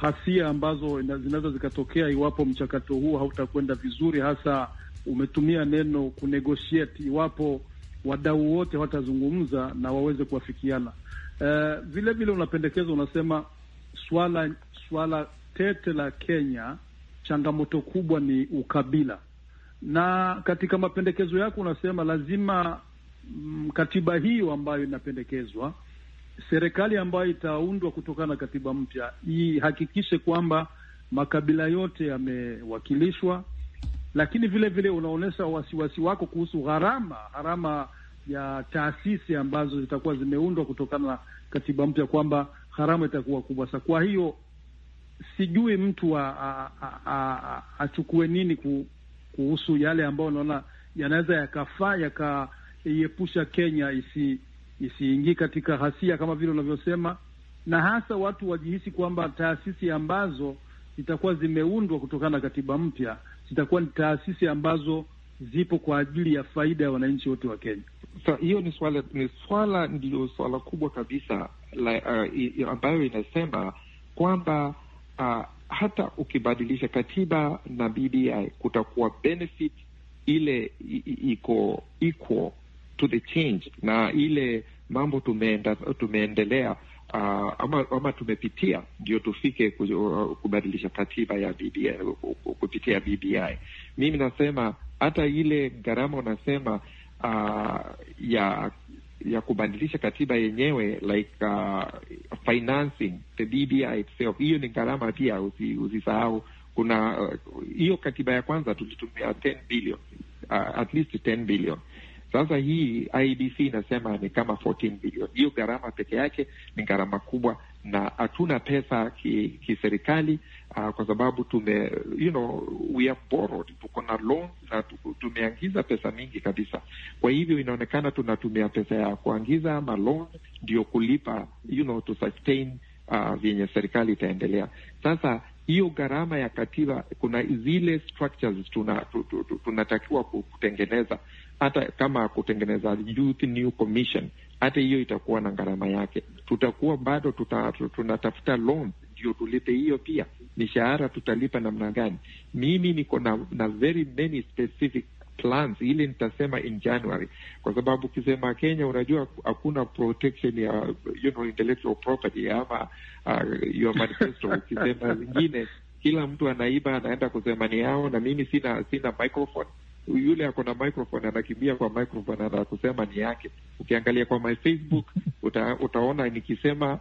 hasia ambazo zinaweza zikatokea iwapo mchakato huu hautakwenda vizuri, hasa umetumia neno kunegotiate, iwapo wadau wote watazungumza na waweze kuafikiana. Uh, vile vile unapendekeza, unasema swala swala tete la Kenya, changamoto kubwa ni ukabila na katika mapendekezo yako unasema lazima mm, katiba hiyo ambayo inapendekezwa, serikali ambayo itaundwa kutokana na katiba mpya ihakikishe kwamba makabila yote yamewakilishwa, lakini vile vile unaonyesha wasiwasi wako kuhusu gharama gharama ya taasisi ambazo zitakuwa zimeundwa kutokana na katiba mpya, kwamba gharama itakuwa kubwa sana. Kwa hiyo sijui mtu achukue nini ku, kuhusu yale ambayo unaona yanaweza yakafaa yakaiepusha Kenya isi isiingii katika hasia kama vile unavyosema, na hasa watu wajihisi kwamba taasisi ambazo zitakuwa zimeundwa kutokana na katiba mpya zitakuwa ni taasisi ambazo zipo kwa ajili ya faida ya wananchi wote wa Kenya. Sa, hiyo ni swala ni swala ndiyo swala kubwa kabisa la, uh, ambayo inasema kwamba uh, hata ukibadilisha katiba na BBI kutakuwa benefit ile iko equal to the change, na ile mambo tumeenda, tumeendelea Uh, ama, ama tumepitia ndio tufike uh, kubadilisha katiba ya BBI, kupitia BBI. Mimi nasema hata ile gharama unasema uh, ya ya kubadilisha katiba yenyewe like uh, financing the BBI itself, hiyo ni gharama pia, usisahau usi kuna uh, hiyo uh, katiba ya kwanza tulitumia 10 billion, uh, at least 10 billion sasa hii IDC inasema ni kama 14 bilioni. Hiyo gharama peke yake ni gharama kubwa, na hatuna pesa kiserikali ki uh, ah, kwa sababu tume you know, we have borrowed, tuko na loan na tumeangiza pesa mingi kabisa. Kwa hivyo inaonekana tunatumia pesa ya kuangiza ama loan ndio kulipa you know, to sustain uh, ah, vyenye serikali itaendelea sasa hiyo gharama ya katiba, kuna zile structures tunatakiwa tu, tuna kutengeneza hata kama kutengeneza Youth New Commission, hata hiyo itakuwa na gharama yake. Tutakuwa bado tuta, tunatafuta loan ndio tulipe hiyo pia. Mishahara tutalipa namna gani? Mimi niko na, na very many specific plans, ili nitasema in January, kwa sababu ukisema Kenya, unajua hakuna protection ya you know, intellectual property ama uh, your manifesto ukisema zingine kila mtu anaiba anaenda kusema ni yao, na mimi sina sina microphone yule ako na microphone anakimbia kwa microphone, ana kusema ni yake. Ukiangalia kwa my Facebook uta, utaona nikisema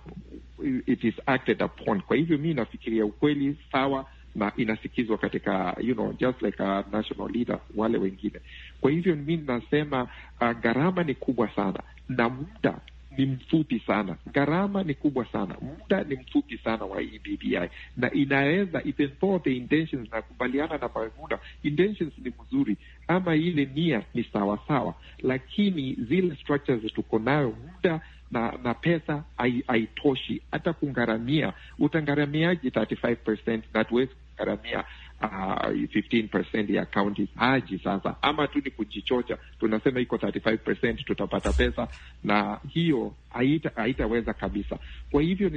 it is acted upon. Kwa hivyo mi nafikiria ukweli sawa na inasikizwa katika you know, just like a national leader wale wengine. Kwa hivyo mi nasema uh, gharama ni kubwa sana na muda ni mfupi sana. Gharama ni kubwa sana, muda ni mfupi sana wa BBI, na inaweza even though the intentions, nakubaliana na Mangula, intentions ni mzuri, ama ile nia ni sawasawa sawa, lakini zile structures tuko nayo muda na na pesa haitoshi hata kungharamia. Utangharamiaje 35% na tuwezi kungharamia uh, ah, 15% ya kaunti haji sasa, ama tu ni kujichocha. Tunasema iko 35% tutapata pesa, na hiyo haitaweza kabisa. Kwa hivyo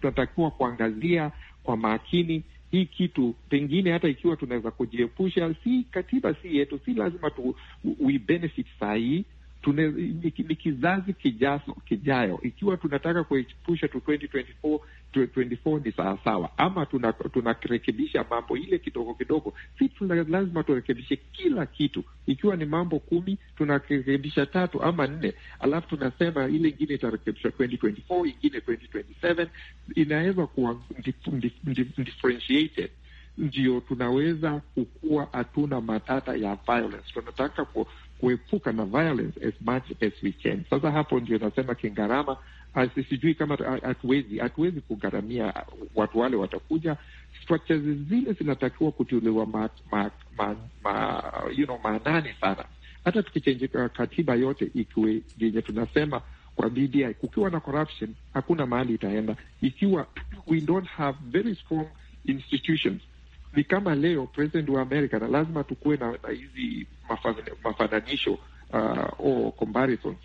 tunatakiwa kuangazia kwa makini hii kitu, pengine hata ikiwa tunaweza kujiepusha, si katiba si yetu, si lazima tu we benefit saa hii tune, ni, ni kizazi kijazo, kijayo. Ikiwa tunataka kuepusha tu 2024 2024 ni sawa sawa, ama tunarekebisha tuna mambo ile kidogo kidogo, si lazima turekebishe kila kitu. Ikiwa ni mambo kumi tunarekebisha tatu ama nne, alafu tunasema ile ingine itarekebisha 2024 ingine 2027 inaweza kuwa differentiated, ndio tunaweza kukuwa hatuna matata ya violence. Tunataka kuepuka na violence as much as we can. Sasa hapo ndio nasema kingarama, sijui kama hatuwezi hatuwezi kugharamia watu wale watakuja. Structures zile zinatakiwa kutuliwa ma, ma, ma, ma, you know, maanani sana. Hata tukichenjika katiba yote ikiwe yenye tunasema kwa BBI, kukiwa na corruption hakuna mahali itaenda ikiwa we don't have very strong institutions ni kama leo president wa America, na lazima tukuwe na hizi mafananisho uh, or oh, comparisons.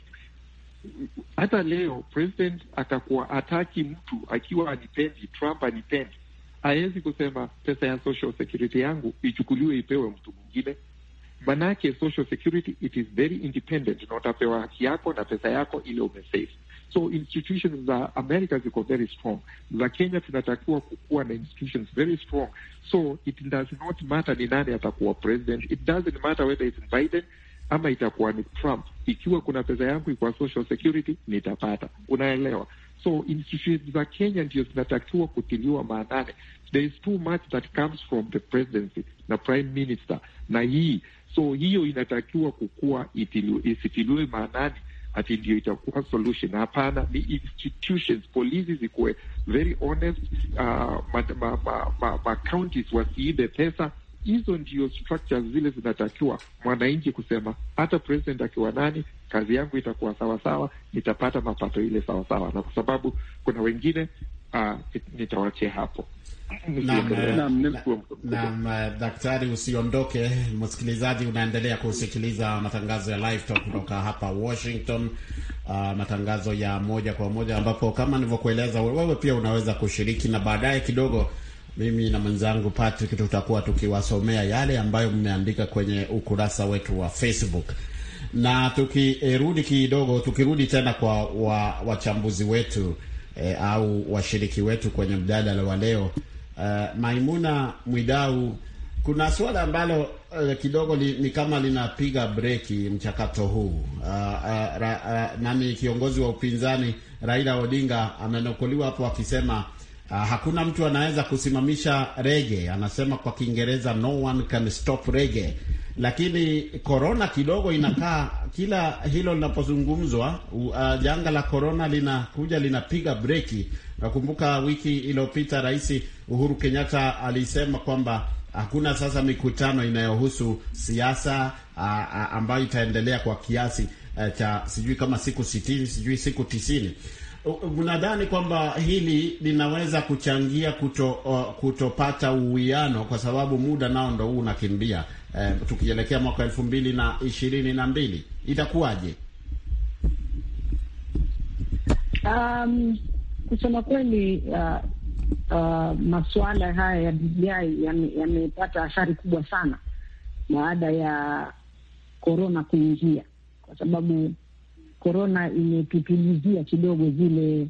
Hata leo president atakuwa ataki mtu akiwa anipendi, Trump anipendi, hawezi kusema pesa ya social security yangu ichukuliwe ipewe mtu mwingine, manake social security it is very independent, na utapewa haki yako na pesa yako ile umesave So institutions za America ziko very strong, za Kenya zinatakiwa kukuwa na institutions very strong. So it does not matter ni nani atakuwa president, it doesn't matter whether it's Biden ama itakuwa ni Trump. Ikiwa kuna pesa yangu iko social security nitapata, unaelewa? So institutions za Kenya ndio zinatakiwa kutiliwa maanane. There is too much that comes from the presidency na prime minister na hii, so hiyo inatakiwa kukua, isitiliwe maanani ati ndio itakuwa solution. Hapana, ni institutions, polisi zikuwe very honest, uh, ma counties wasiibe pesa hizo. Ndio structures zile zinatakiwa mwananchi kusema, hata president akiwa nani, kazi yangu itakuwa sawasawa, nitapata mapato ile sawasawa, na kwa sababu kuna wengine uh, nitawachia hapo. Naam, eh, eh, daktari, usiondoke. Msikilizaji, unaendelea kusikiliza matangazo ya Live Talk kutoka hapa Washington, uh, matangazo ya moja kwa moja, ambapo kama nilivyokueleza wewe pia unaweza kushiriki, na baadaye kidogo mimi na mwenzangu Patrick tutakuwa tukiwasomea yale ambayo mmeandika kwenye ukurasa wetu wa Facebook na tukirudi kidogo, tukirudi tena kwa wachambuzi wa wetu eh, au washiriki wetu kwenye mjadala wa leo uh, Maimuna Mwidau, kuna suala ambalo uh, kidogo li, ni kama linapiga breki mchakato huu uh, uh, ra, uh, nani kiongozi wa upinzani Raila Odinga amenukuliwa hapo akisema uh, hakuna mtu anaweza kusimamisha rege, anasema kwa Kiingereza no one can stop rege lakini korona kidogo inakaa kila hilo linapozungumzwa, uh, janga la korona linakuja linapiga breki, Nakumbuka wiki iliyopita Rais Uhuru Kenyatta alisema kwamba hakuna sasa mikutano inayohusu siasa ambayo itaendelea kwa kiasi a, e, cha sijui kama siku sitini sijui siku tisini. unadhani kwamba hili linaweza kuchangia kuto, uh, kutopata uwiano kwa sababu muda nao ndo huu unakimbia, eh, tukielekea mwaka elfu mbili na ishirini na mbili itakuwaje? um kusema kweli uh, uh, masuala haya ya BBI yamepata yame athari kubwa sana baada ya korona kuingia, kwa sababu korona imetutulizia kidogo zile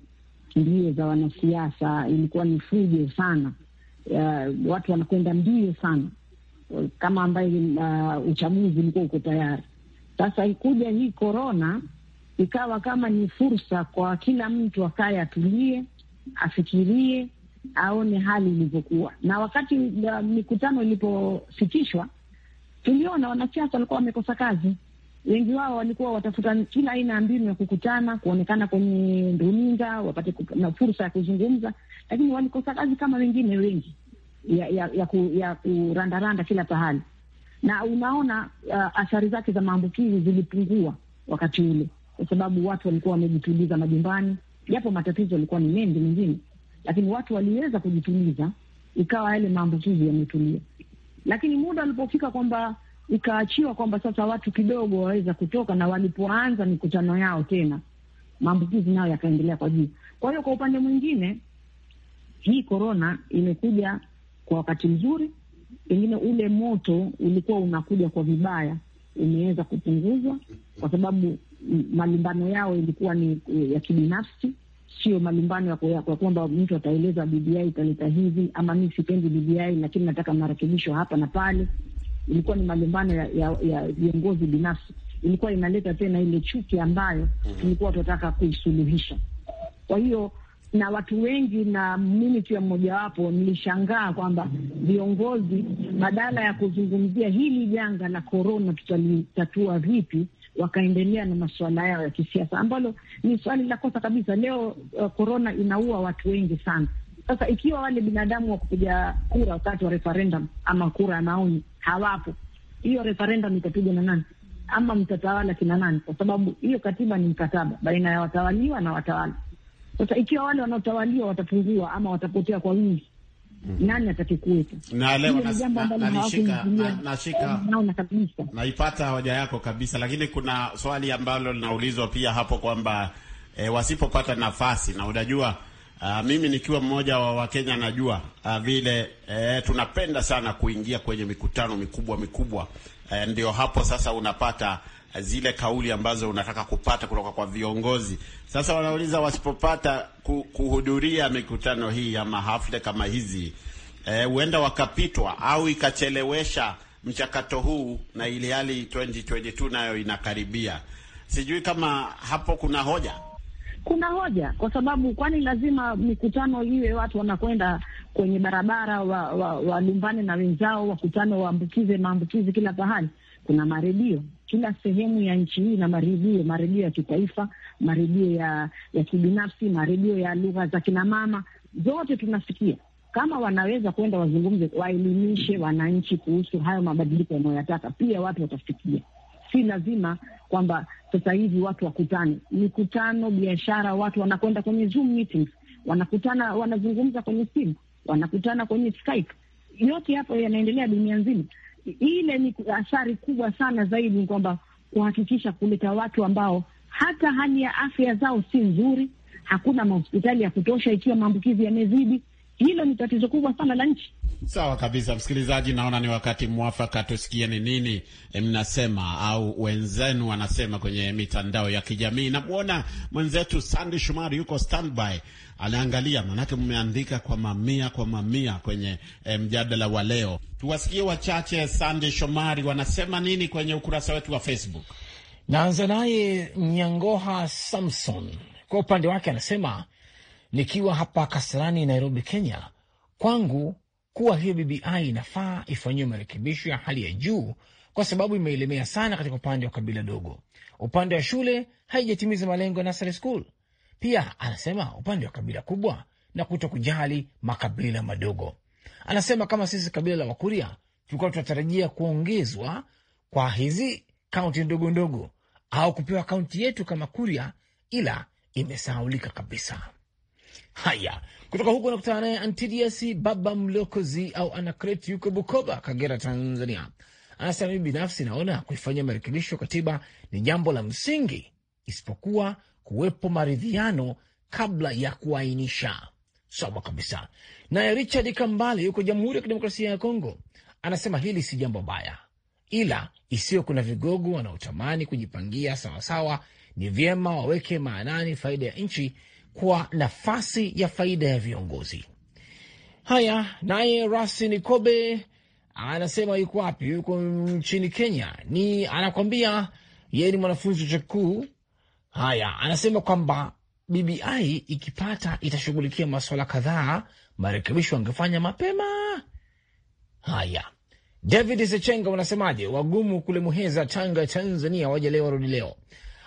mbio za wanasiasa. Ilikuwa ni fujo sana, ya, uh, watu wanakwenda mbio sana kama ambaye uh, uchaguzi ulikuwa uko tayari. Sasa ikuja hii korona ikawa kama ni fursa kwa kila mtu akaye atulie, afikirie, aone hali ilivyokuwa. Na wakati uh, mikutano ilipositishwa, tuliona wanasiasa walikuwa wamekosa kazi wengi wao walikuwa watafuta kila aina ya mbinu ya kukutana, kuonekana kwenye runinga, wapate na fursa ya kuzungumza, lakini walikosa kazi kama wengine wengi ya ya, ya, ku, ya kurandaranda kila pahali, na unaona uh, athari zake za maambukizi zilipungua wakati ule kwa sababu watu walikuwa wamejituliza majumbani, japo matatizo yalikuwa ni mengi mengine, lakini watu waliweza kujituliza, ikawa yale maambukizi yametulia. Lakini muda alipofika kwamba ikaachiwa kwamba sasa watu kidogo waweza kutoka, na walipoanza mikutano yao tena, maambukizi nayo yakaendelea kwa juu. Kwa hiyo kwa upande mwingine, hii korona imekuja kwa wakati mzuri, pengine ule moto ulikuwa unakuja kwa vibaya umeweza kupunguzwa, kwa sababu malumbano yao ilikuwa ni eh, ya kibinafsi, sio malumbano ya kwa kwamba mtu ataeleza BBI italeta hivi ama mi sipendi BBI, lakini nataka marekebisho hapa na pale. Ilikuwa ni malumbano ya viongozi binafsi, ilikuwa inaleta tena ile chuki ambayo mhm. tulikuwa tunataka kuisuluhisha. Kwa hiyo na watu wengi na mimi kiwa mmojawapo, nilishangaa kwamba viongozi badala ya kuzungumzia hili janga la korona tutalitatua vipi, wakaendelea na masuala yao ya kisiasa, ambalo ni swali la kosa kabisa. Leo korona uh, inaua watu wengi sana. Sasa ikiwa wale binadamu wa kupiga kura wakati wa referendum ama kura ya maoni hawapo, hiyo referendum itapigwa na nani? Ama mtatawala kina nani? Kwa sababu hiyo katiba ni mkataba baina ya watawaliwa na watawala. Sasa ikiwa wale wanaotawaliwa watapungua ama watapotea kwa wingi, Mhm. nani kabisa, Naipata hoja yako kabisa, lakini kuna swali ambalo linaulizwa pia hapo kwamba e, wasipopata nafasi na unajua Uh, mimi nikiwa mmoja wa Wakenya najua uh, vile eh, tunapenda sana kuingia kwenye mikutano mikubwa mikubwa eh, ndio hapo sasa unapata zile kauli ambazo unataka kupata kutoka kwa viongozi. Sasa wanauliza wasipopata kuhudhuria mikutano hii ama hafla kama hizi, eh, huenda e, wakapitwa au ikachelewesha mchakato huu, na ili hali 2022 nayo inakaribia. Sijui kama hapo kuna hoja. Kuna hoja kwa sababu, kwani lazima mikutano iwe watu wanakwenda kwenye barabara walumbane wa, wa na wenzao wakutane, waambukize maambukizi kila pahali. Kuna maredio, kila sehemu ya nchi hii na maredio, maredio ya kitaifa, maredio ya ya kibinafsi, maredio ya lugha za kinamama, zote tunasikia. Kama wanaweza kwenda wazungumze, waelimishe wananchi kuhusu hayo mabadiliko yanayoyataka pia watu watafikia. Si lazima kwamba sasa hivi watu wakutane mikutano, biashara, watu wanakwenda kwenye Zoom meetings, wanakutana, wanazungumza kwenye simu, wanakutana kwenye Skype. Yote hapo yanaendelea dunia nzima, ile ni athari kubwa sana zaidi, ni kwamba kuhakikisha kuleta watu ambao hata hali ya afya zao si nzuri, hakuna mahospitali ya kutosha ikiwa maambukizi yamezidi. Hilo ni tatizo kubwa sana la nchi. Sawa kabisa, msikilizaji, naona ni wakati mwafaka tusikie ni nini eh, mnasema au wenzenu wanasema kwenye mitandao ya kijamii. Namwona mwenzetu Sandi Shumari yuko standby anaangalia, maanake mmeandika kwa mamia kwa mamia kwenye eh, mjadala wa leo. Tuwasikie wachache. Sande Shomari wanasema nini kwenye ukurasa wetu wa Facebook? Naanza naye Nyangoha Samson, kwa upande wake anasema nikiwa hapa Kasarani, Nairobi, Kenya, kwangu kuwa hiyo BBI inafaa ifanyiwe marekebisho ya hali ya juu kwa sababu imeelemea sana katika upande wa kabila dogo. Upande wa shule haijatimiza malengo ya nursery school, pia anasema upande wa kabila kubwa na kuto kujali makabila madogo. Anasema kama sisi kabila la Wakuria tulikuwa tunatarajia kuongezwa kwa hizi kaunti ndogo ndogo au kupewa kaunti yetu kama Kuria, ila imesahaulika kabisa. Haya, kutoka huko nakutana naye Antidias Baba Mlokozi au Anakret, yuko Bukoba, Kagera, Tanzania. Anasema mimi binafsi naona kuifanyia marekebisho katiba ni jambo la msingi, isipokuwa kuwepo maridhiano kabla ya kuainisha. Sawa kabisa. Naye Richard Kambale yuko Jamhuri ya Kidemokrasia ya Kongo anasema hili si jambo baya, ila isiyo kuna vigogo wanaotamani kujipangia sawasawa. Ni vyema waweke maanani faida ya nchi kwa nafasi ya faida ya viongozi. Haya, naye Rasin Kobe anasema yuko wapi? Yuko nchini Kenya, ni anakwambia yeye ni mwanafunzi wa chuo kikuu Haya, anasema kwamba BBI ikipata itashughulikia masuala kadhaa, marekebisho angefanya mapema. Haya, David Sechenga unasemaje? Wagumu kule Muheza, Tanga, Tanzania, waja leo warudi leo.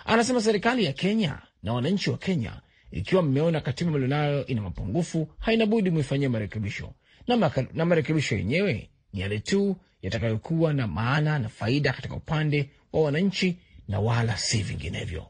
Anasema serikali ya Kenya na wananchi wa Kenya, ikiwa mmeona katiba mlionayo ina mapungufu, haina budi mwifanyie marekebisho, na, na marekebisho yenyewe ni yale tu yatakayokuwa na maana na faida katika upande wa wananchi, na wala si vinginevyo.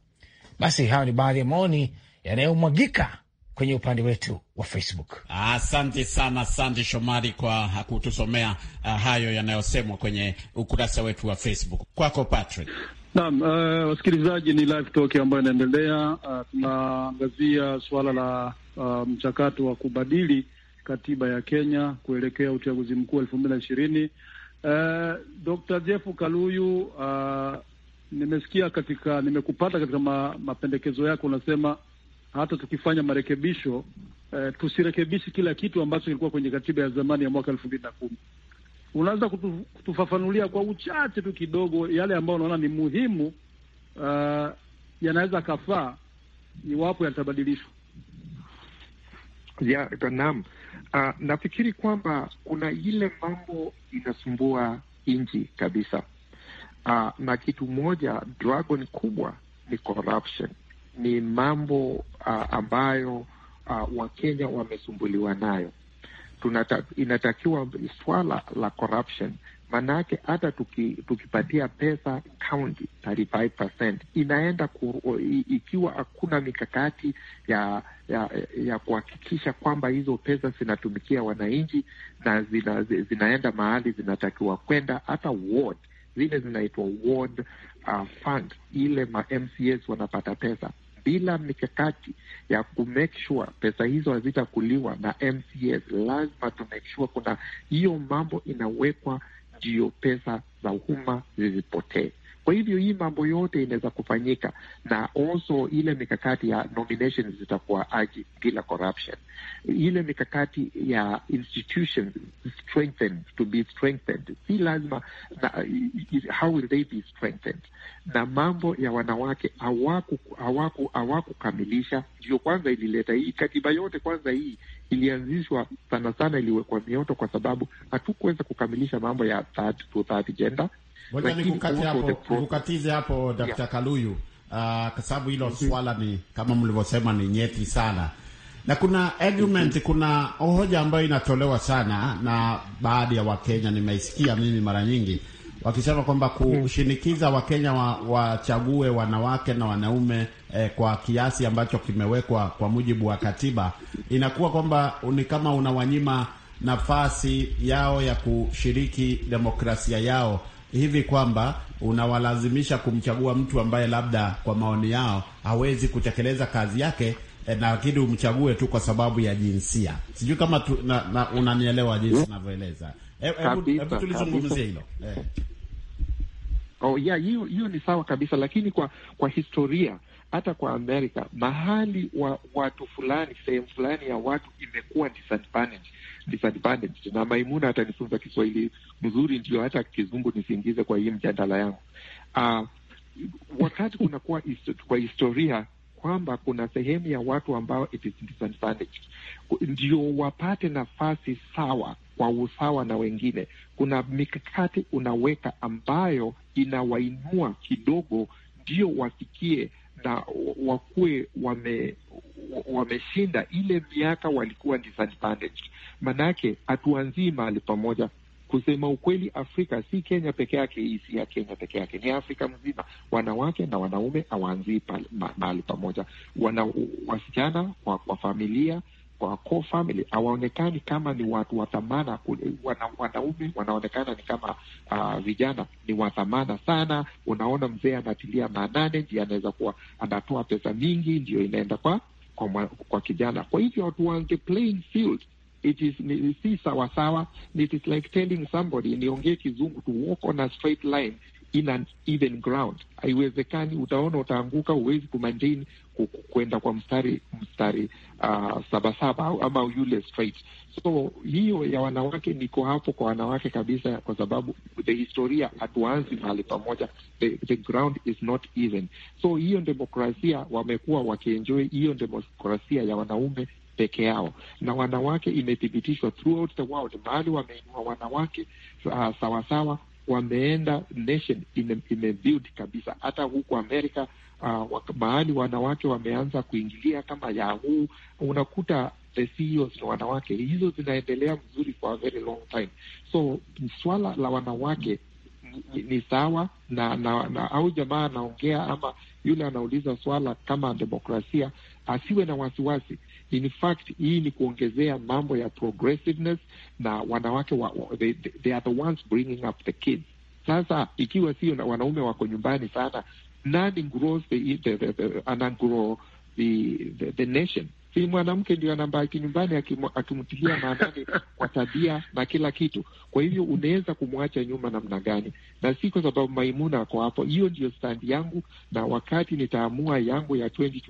Basi hayo ni baadhi ya maoni yanayomwagika kwenye upande wetu wa Facebook. Asante ah, sana Sandi Shomari kwa kutusomea uh, hayo yanayosemwa kwenye ukurasa wetu wa Facebook. Kwako Patrick. Naam, uh, wasikilizaji, ni live talk ambayo inaendelea. Uh, tunaangazia suala la uh, mchakato wa kubadili katiba ya Kenya kuelekea uchaguzi mkuu elfu mbili na ishirini. Uh, Dr. Jeff Kaluyu uh, nimesikia katika, nimekupata katika ma, mapendekezo yako, unasema hata tukifanya marekebisho eh, tusirekebishi kila kitu ambacho kilikuwa kwenye katiba ya zamani ya mwaka elfu mbili na kumi. Unaweza kutu, kutufafanulia kwa uchache tu kidogo yale ambayo unaona ni muhimu uh, yanaweza kafaa iwapo yatabadilishwa? Ya, naam. Uh, nafikiri kwamba kuna ile mambo inasumbua nchi kabisa uh, na kitu moja dragon kubwa ni corruption, ni mambo uh, ambayo uh, Wakenya wamesumbuliwa nayo. Tunata, inatakiwa swala la corruption maanake hata tuki, tukipatia pesa county 35% inaenda ku, ikiwa hakuna mikakati ya ya, ya kuhakikisha kwamba hizo pesa zinatumikia wananchi na zina, zinaenda mahali zinatakiwa kwenda. Hata ward zile zinaitwa ward uh, fund, ile ma wanapata pesa bila mikakati ya ku make sure pesa hizo hazitakuliwa na MCS. Lazima tu make sure kuna hiyo mambo inawekwa ndio pesa za umma zisipotee. Kwa hivyo hii mambo yote inaweza kufanyika, na also ile mikakati ya nominations zitakuwa aji bila corruption, ile mikakati ya institutions strengthened to be strengthened, si lazima na, how will they be strengthened? Na mambo ya wanawake hawaku hawaku, ndio kwanza ilileta hii katiba yote. Kwanza hii ilianzishwa sana sana, iliwekwa mioto kwa sababu hatukuweza kukamilisha mambo ya third to third gender Ngoja nikukate hapo, nikukatize hapo Dr. Yeah. Kaluyu, uh, kwa sababu hilo mm -hmm. swala ni kama mlivyosema ni nyeti sana na kuna argument mm -hmm. kuna hoja ambayo inatolewa sana na baadhi ya Wakenya, nimeisikia mimi mara nyingi wakisema kwamba mm-hmm. kushinikiza Wakenya wachague wa wanawake na wanaume eh, kwa kiasi ambacho kimewekwa kwa mujibu wa katiba inakuwa kwamba ni kama unawanyima nafasi yao ya kushiriki demokrasia yao hivi kwamba unawalazimisha kumchagua mtu ambaye labda kwa maoni yao hawezi kutekeleza kazi yake eh, na lakini umchague tu kwa sababu ya jinsia. Sijui kama tu, na, na, unanielewa jinsi ninavyoeleza. Eh, eh, hebu tulizungumzie hilo Oh, yeah, hiyo hiyo ni sawa kabisa, lakini kwa kwa historia hata kwa Amerika mahali wa watu fulani sehemu fulani ya watu imekuwa disadvantage disadvantage, na Maimuna atanifunza Kiswahili mzuri, ndio hata kizungu nisiingize kwa hii mjadala yangu. Uh, wakati kunakuwa kwa historia kwamba kuna sehemu ya watu ambao it is disadvantaged, ndio wapate nafasi sawa kwa usawa na wengine. Kuna mikakati unaweka ambayo inawainua kidogo, ndio wafikie na wakuwe wame wameshinda ile miaka walikuwa disadvantaged. Manake hatuanzii mahali pamoja. Kusema ukweli, Afrika si Kenya peke yake, hii si ya Kenya peke yake, ni Afrika mzima. Wanawake na wanaume hawaanzii mahali pamoja, wana wasichana kwa, kwa familia kwa core family hawaonekani kama ni watu wa thamana. Wana, wanaume wanaonekana ni kama uh, vijana ni wa thamana sana. Unaona mzee anatilia maanane, ndio anaweza kuwa anatoa pesa mingi, ndio inaenda kwa kwa, kwa kijana. Kwa hivyo watu playing field It is ni, si sawasawa. It is like telling somebody niongee kizungu to walk on a straight line in an even ground. Haiwezekani, utaona utaanguka, huwezi kumaintain kwenda kwa mstari mstari uh, ah, sabasaba ama yule straight. So hiyo ya wanawake, niko hapo kwa wanawake kabisa, kwa sababu the historia hatuanzi mahali pamoja, the, the ground is not even. So hiyo demokrasia wamekuwa wakienjoy hiyo demokrasia ya wanaume peke yao na wanawake imethibitishwa throughout the world, mahali wameinua wanawake uh, ah, sawasawa, wameenda nation ime, imebuild kabisa, hata huku Amerika uh, baadhi wanawake wameanza kuingilia kama Yahoo, unakuta the CEOs ni wanawake. Hizo zinaendelea mzuri kwa a very long time, so swala la wanawake ni sawa na, na, na au jamaa anaongea ama yule anauliza swala kama demokrasia, asiwe na wasiwasi. In fact hii ni kuongezea mambo ya progressiveness na wanawake wa, they, they are the ones bringing up the kids. Sasa ikiwa sio wanaume wako nyumbani sana, learning grows the, the, the, the, and grow the, the, the nation si mwanamke ndio anabaki nyumbani akimtilia maanani kwa tabia na kila kitu. Kwa hivyo unaweza kumwacha nyuma namna gani? Na si kwa sababu Maimuna ako hapo. Hiyo ndio standi yangu, na wakati nitaamua yangu ya 2022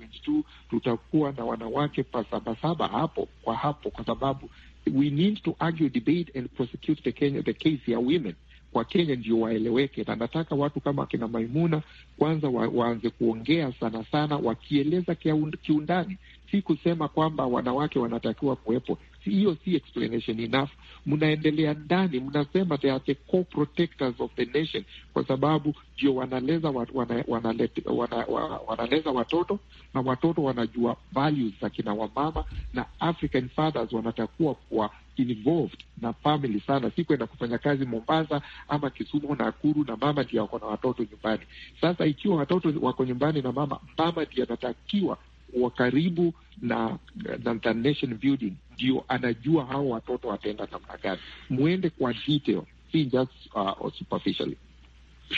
tutakuwa na wanawake pa saba saba hapo kwa hapo, kwa sababu we need to argue, debate and prosecute the, Kenya, the case ya women kwa kenya ndio waeleweke, na nataka watu kama akina Maimuna kwanza wa, waanze kuongea sana sana, wakieleza kiundani, si kusema kwamba wanawake wanatakiwa kuwepo hiyo si explanation enough. Mnaendelea ndani, mnasema they are the co-protectors of the nation, kwa sababu ndio wanaleza, wat, wana, wanalete, wana, wana, wanaleza watoto na watoto wanajua values za kina wamama, na African fathers wanatakuwa kuwa involved na family sana, si kwenda kufanya kazi Mombasa ama Kisumu na Nakuru, na mama ndio wako na watoto nyumbani. Sasa ikiwa watoto wako nyumbani na mama, mama ndio anatakiwa wa karibu na, na, na nation building ndio anajua hao watoto wataenda namna gani. Mwende kwa detail, si just uh, superficially.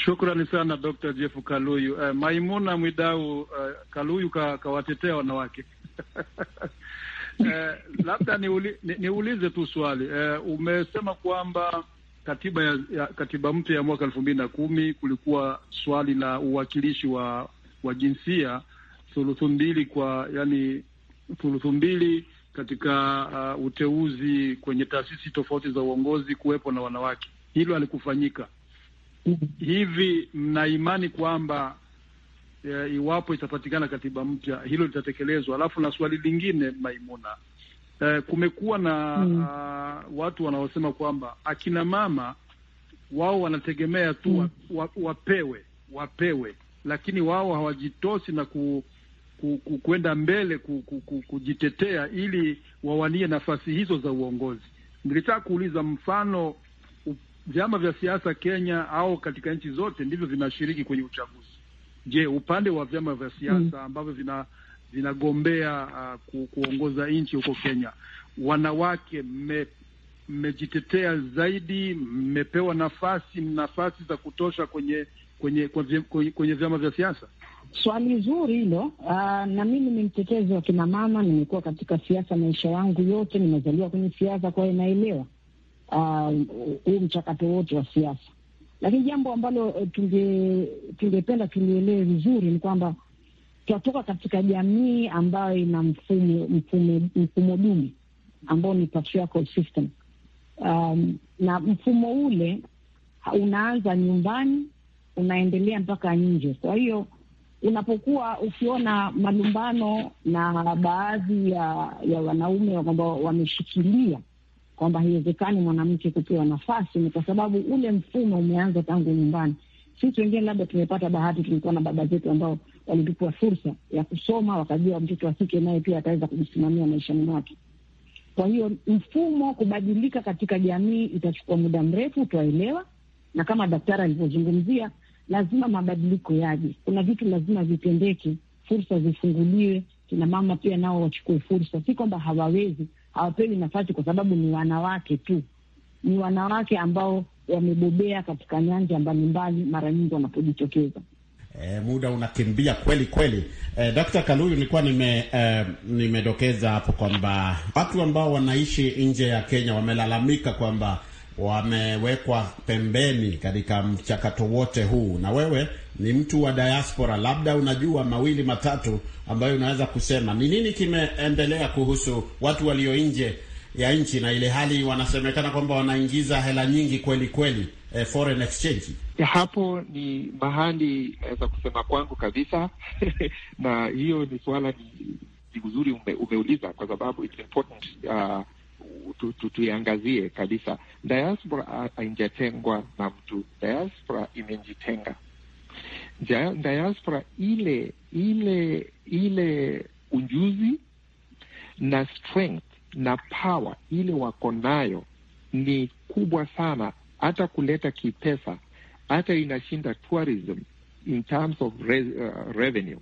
Shukrani sana Dr. Jeff Kaluyu. Uh, Maimuna Mwidau uh, Kaluyu kawatetea ka wanawake uh, labda niulize ni, ni tu swali uh, umesema kwamba katiba ya, ya, katiba mpya ya mwaka elfu mbili na kumi kulikuwa swali la uwakilishi wa, wa jinsia thuluthi mbili kwa yani thuluthi mbili katika uh, uteuzi kwenye taasisi tofauti za uongozi kuwepo na wanawake. Hilo halikufanyika. Hivi mna imani kwamba e, iwapo itapatikana katiba mpya hilo litatekelezwa? Alafu na swali lingine Maimuna, e, kumekuwa na a, mm. uh, watu wanaosema kwamba akina mama wao wanategemea tu wapewe wapewe, lakini wao hawajitosi na ku kwenda mbele kujitetea ili wawanie nafasi hizo za uongozi. Nilitaka kuuliza mfano vyama vya siasa Kenya au katika nchi zote ndivyo vinashiriki kwenye uchaguzi. Je, upande wa vyama vya siasa mm. ambavyo vina vinagombea uh, ku, kuongoza nchi huko Kenya, wanawake mmejitetea zaidi? Mmepewa nafasi nafasi za kutosha kwenye kwenye kwenye, kwenye vyama vya siasa? Swali zuri hilo. Ah, na mimi ni mtetezi wa kinamama, nimekuwa katika siasa maisha yangu yote, nimezaliwa kwenye siasa, kwa hiyo naelewa ah, huu mchakato wote wa siasa. Lakini jambo ambalo eh, tunge tungependa tulielewe vizuri ni kwamba tunatoka katika jamii ambayo ina mfumo mfumo mfumo dumi ambao ni patriarchal system. Um, na mfumo ule unaanza nyumbani unaendelea mpaka nje, kwa hiyo unapokuwa ukiona malumbano na baadhi ya, ya wanaume kwamba wameshikilia kwamba haiwezekani mwanamke kupewa nafasi, ni kwa sababu ule mfumo umeanza tangu nyumbani. Sisi wengine labda tumepata bahati, tulikuwa na baba zetu ambao walitupa fursa ya kusoma, wakajua mtoto wa kike naye pia ataweza kujisimamia maishani mwake. Kwa hiyo mfumo kubadilika katika jamii itachukua muda mrefu, twaelewa, na kama daktari alivyozungumzia lazima mabadiliko yaje. Kuna vitu lazima vitendeke, fursa zifunguliwe, kina mama pia nao wachukue fursa. Si kwamba hawawezi, hawapewi nafasi kwa sababu ni wanawake tu, ni wanawake ambao wamebobea katika nyanja mbalimbali, mara nyingi wanapojitokeza. E, muda unakimbia kweli kweli. E, eh, Dkt. Kaluyu nilikuwa nime e, nimedokeza hapo kwamba watu ambao wanaishi nje ya Kenya wamelalamika kwamba wamewekwa pembeni katika mchakato wote huu. Na wewe ni mtu wa diaspora, labda unajua mawili matatu ambayo unaweza kusema ni nini kimeendelea kuhusu watu walio nje ya nchi na ile hali wanasemekana kwamba wanaingiza hela nyingi kweli kweli, eh, foreign exchange. Hapo ni mahali naweza eh, kusema kwangu kabisa na hiyo ni suala ni, ni uzuri ume, umeuliza kwa sababu it's important uh, tuiangazie kabisa. Diaspora haijatengwa na mtu, diaspora imejitenga. Diaspora ile ile ile ujuzi na strength na power ile wako nayo ni kubwa sana, hata kuleta kipesa, hata inashinda tourism in terms of re, uh, revenue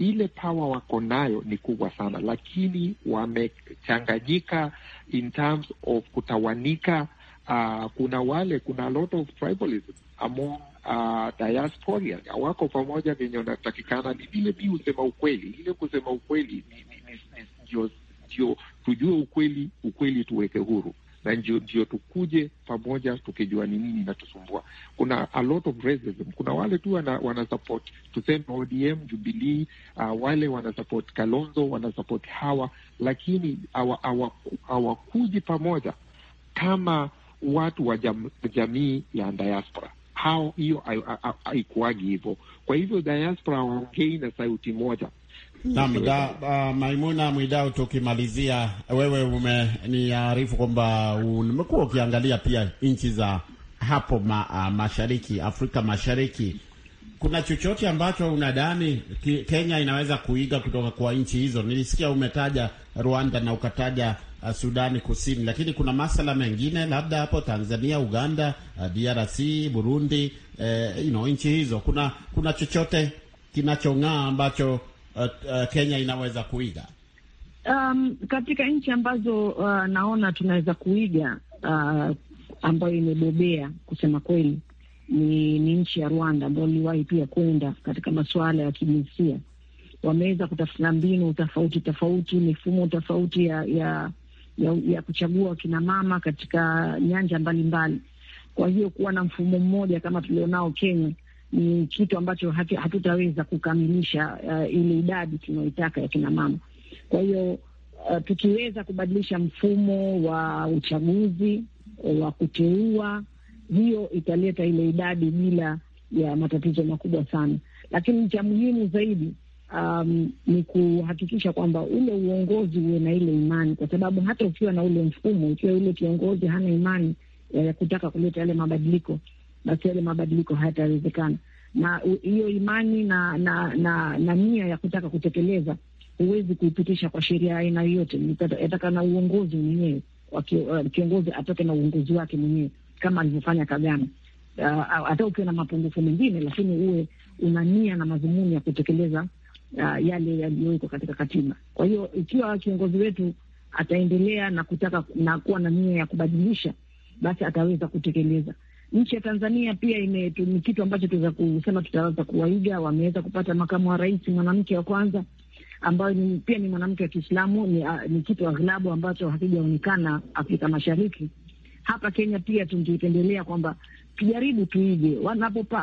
ile pawa wako nayo ni kubwa sana, lakini wamechanganyika in terms of kutawanika. Uh, kuna wale kuna a lot of tribalism among uh, diaspora wako pamoja, venye unatakikana ni vile mi husema ukweli, ile kusema ukweli ndio tujue ukweli, ukweli tuweke huru na ndio tukuje pamoja tukijua ni nini inatusumbua. Kuna a lot of racism. Kuna wale tu wana, wana support tuseme ODM, Jubilee, uh, wale wana support Kalonzo, wana support hawa, lakini hawakuji pamoja kama watu wa jam, jamii ya diaspora hao, hiyo haikuagi hivyo. Kwa hivyo diaspora waongei na sauti moja Naam, uh, Maimuna Mwidau, tukimalizia, wewe umeniarifu kwamba umekuwa ukiangalia pia nchi za hapo ma, uh, mashariki Afrika Mashariki, kuna chochote ambacho unadhani Kenya inaweza kuiga kutoka kwa nchi hizo? Nilisikia umetaja Rwanda na ukataja uh, Sudani Kusini, lakini kuna masala mengine labda hapo Tanzania, Uganda, uh, ah, DRC, Burundi, uh, you know, nchi hizo, kuna kuna chochote kinachong'aa ambacho uh, uh, Kenya inaweza kuiga? Um, katika nchi ambazo uh, naona tunaweza kuiga uh, ambayo imebobea kusema kweli ni, ni nchi ya Rwanda ambayo iliwahi pia kwenda katika masuala ya kijinsia. Wameweza kutafuta mbinu tofauti tofauti, mifumo tofauti ya ya, ya ya kuchagua kina mama katika nyanja mbalimbali mbali. Kwa hiyo kuwa na mfumo mmoja kama tulionao Kenya ni kitu ambacho hatutaweza kukamilisha uh, ile idadi tunayoitaka ya kina mama. Kwa hiyo uh, tukiweza kubadilisha mfumo wa uchaguzi uh, wa kuteua, hiyo italeta ile idadi bila ya matatizo makubwa sana, lakini cha muhimu zaidi Um, ni kuhakikisha kwamba ule uongozi uwe na ile imani, kwa sababu hata ukiwa na ule mfumo, ikiwa ule kiongozi hana imani uh, ya kutaka kuleta yale mabadiliko, basi yale mabadiliko hayatawezekana. Na hiyo imani na na, na na nia ya kutaka kutekeleza huwezi kuipitisha kwa sheria ya aina yoyote, yataka na uongozi mwenyewe, uh, kiongozi atoke na uongozi wake mwenyewe kama alivyofanya Kagame. Uh, hata ukiwa na mapungufu mengine, lakini uwe una nia na madhumuni ya kutekeleza Uh, yale yaliyowekwa katika katiba. Kwa hiyo ikiwa kiongozi wetu ataendelea na kutaka na kuwa na nia ya kubadilisha, basi ataweza kutekeleza, Nchi ya Tanzania pia ni kitu ambacho tunaweza kusema tutaweza kuwaiga. Wameweza kupata makamu wa rais mwanamke wa kwanza ambayo ni, pia ni mwanamke wa Kiislamu. Ni, ni kitu aghlabu ambacho hakijaonekana Afrika Mashariki. Hapa Kenya pia tungependelea kwamba tujaribu tuige,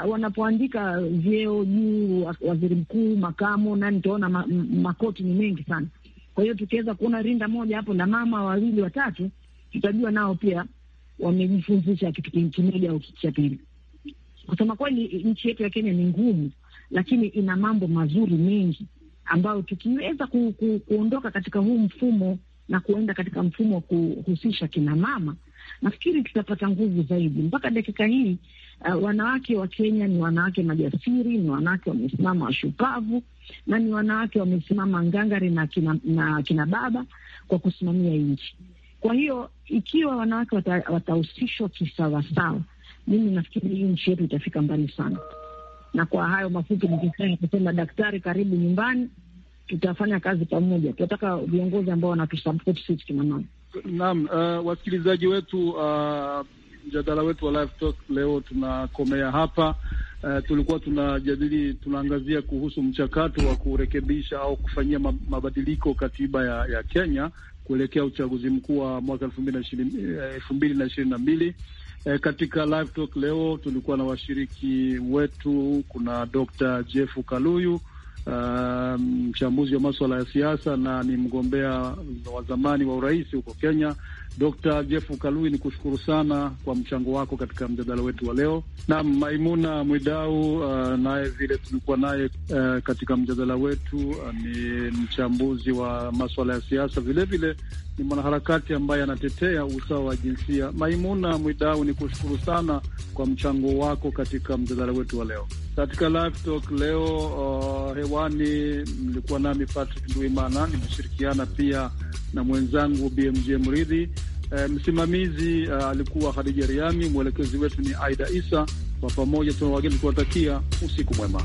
wanapoandika vyeo juu, waziri mkuu, makamo nani, tutaona ma, makoti ni mengi sana. Kwa hiyo tukiweza kuona rinda moja hapo na mama wawili watatu, tutajua nao pia wamejifunzisha kitu kimoja au kitu cha pili. Kusema kweli, nchi yetu ya Kenya ni ngumu, lakini ina mambo mazuri mengi ambayo tukiweza ku, ku, kuondoka katika huu mfumo na kuenda katika mfumo wa kuhusisha kina mama, nafikiri tutapata nguvu zaidi. Mpaka dakika hii uh, wanawake wa Kenya ni wanawake majasiri, ni wanawake wamesimama washupavu, na ni wanawake wamesimama ngangari na kina, na kina baba kwa kusimamia nchi. Kwa hiyo ikiwa wanawake watahusishwa wata kisawasawa, mimi nafikiri hii nchi yetu itafika mbali sana. Na kwa hayo mafupi nikisema kusema, daktari, karibu nyumbani, tutafanya kazi pamoja. Tunataka viongozi ambao wanatusapoti sisi kina mama. Naam, uh, wasikilizaji wetu, uh, mjadala wetu wa Live Talk leo tunakomea hapa. Uh, tulikuwa tunajadili tunaangazia kuhusu mchakato wa kurekebisha au kufanyia mabadiliko katiba ya, ya Kenya kuelekea uchaguzi mkuu wa mwaka elfu mbili na ishirini eh, na mbili. E, katika live talk leo tulikuwa na washiriki wetu, kuna Dr. Jeff Kaluyu um, mchambuzi um, wa maswala ya siasa na ni mgombea wa zamani wa urais huko Kenya, Dr. Jeff Kalui, ni kushukuru sana kwa mchango wako katika mjadala wetu wa leo. Na Maimuna Mwidau uh, naye vile tulikuwa naye uh, katika mjadala wetu uh, ni mchambuzi wa maswala ya siasa, vilevile ni mwanaharakati ambaye anatetea usawa wa jinsia. Maimuna Mwidau, ni kushukuru sana kwa mchango wako katika mjadala wetu wa leo katika Live Talk leo. Uh, hewani mlikuwa nami Patrick Nduimana, nimeshirikiana pia na mwenzangu BMJ Mridhi. E, msimamizi eh, alikuwa Khadija Riami, mwelekezi wetu ni Aida Isa. Kwa pamoja tuna wageni kuwatakia usiku mwema.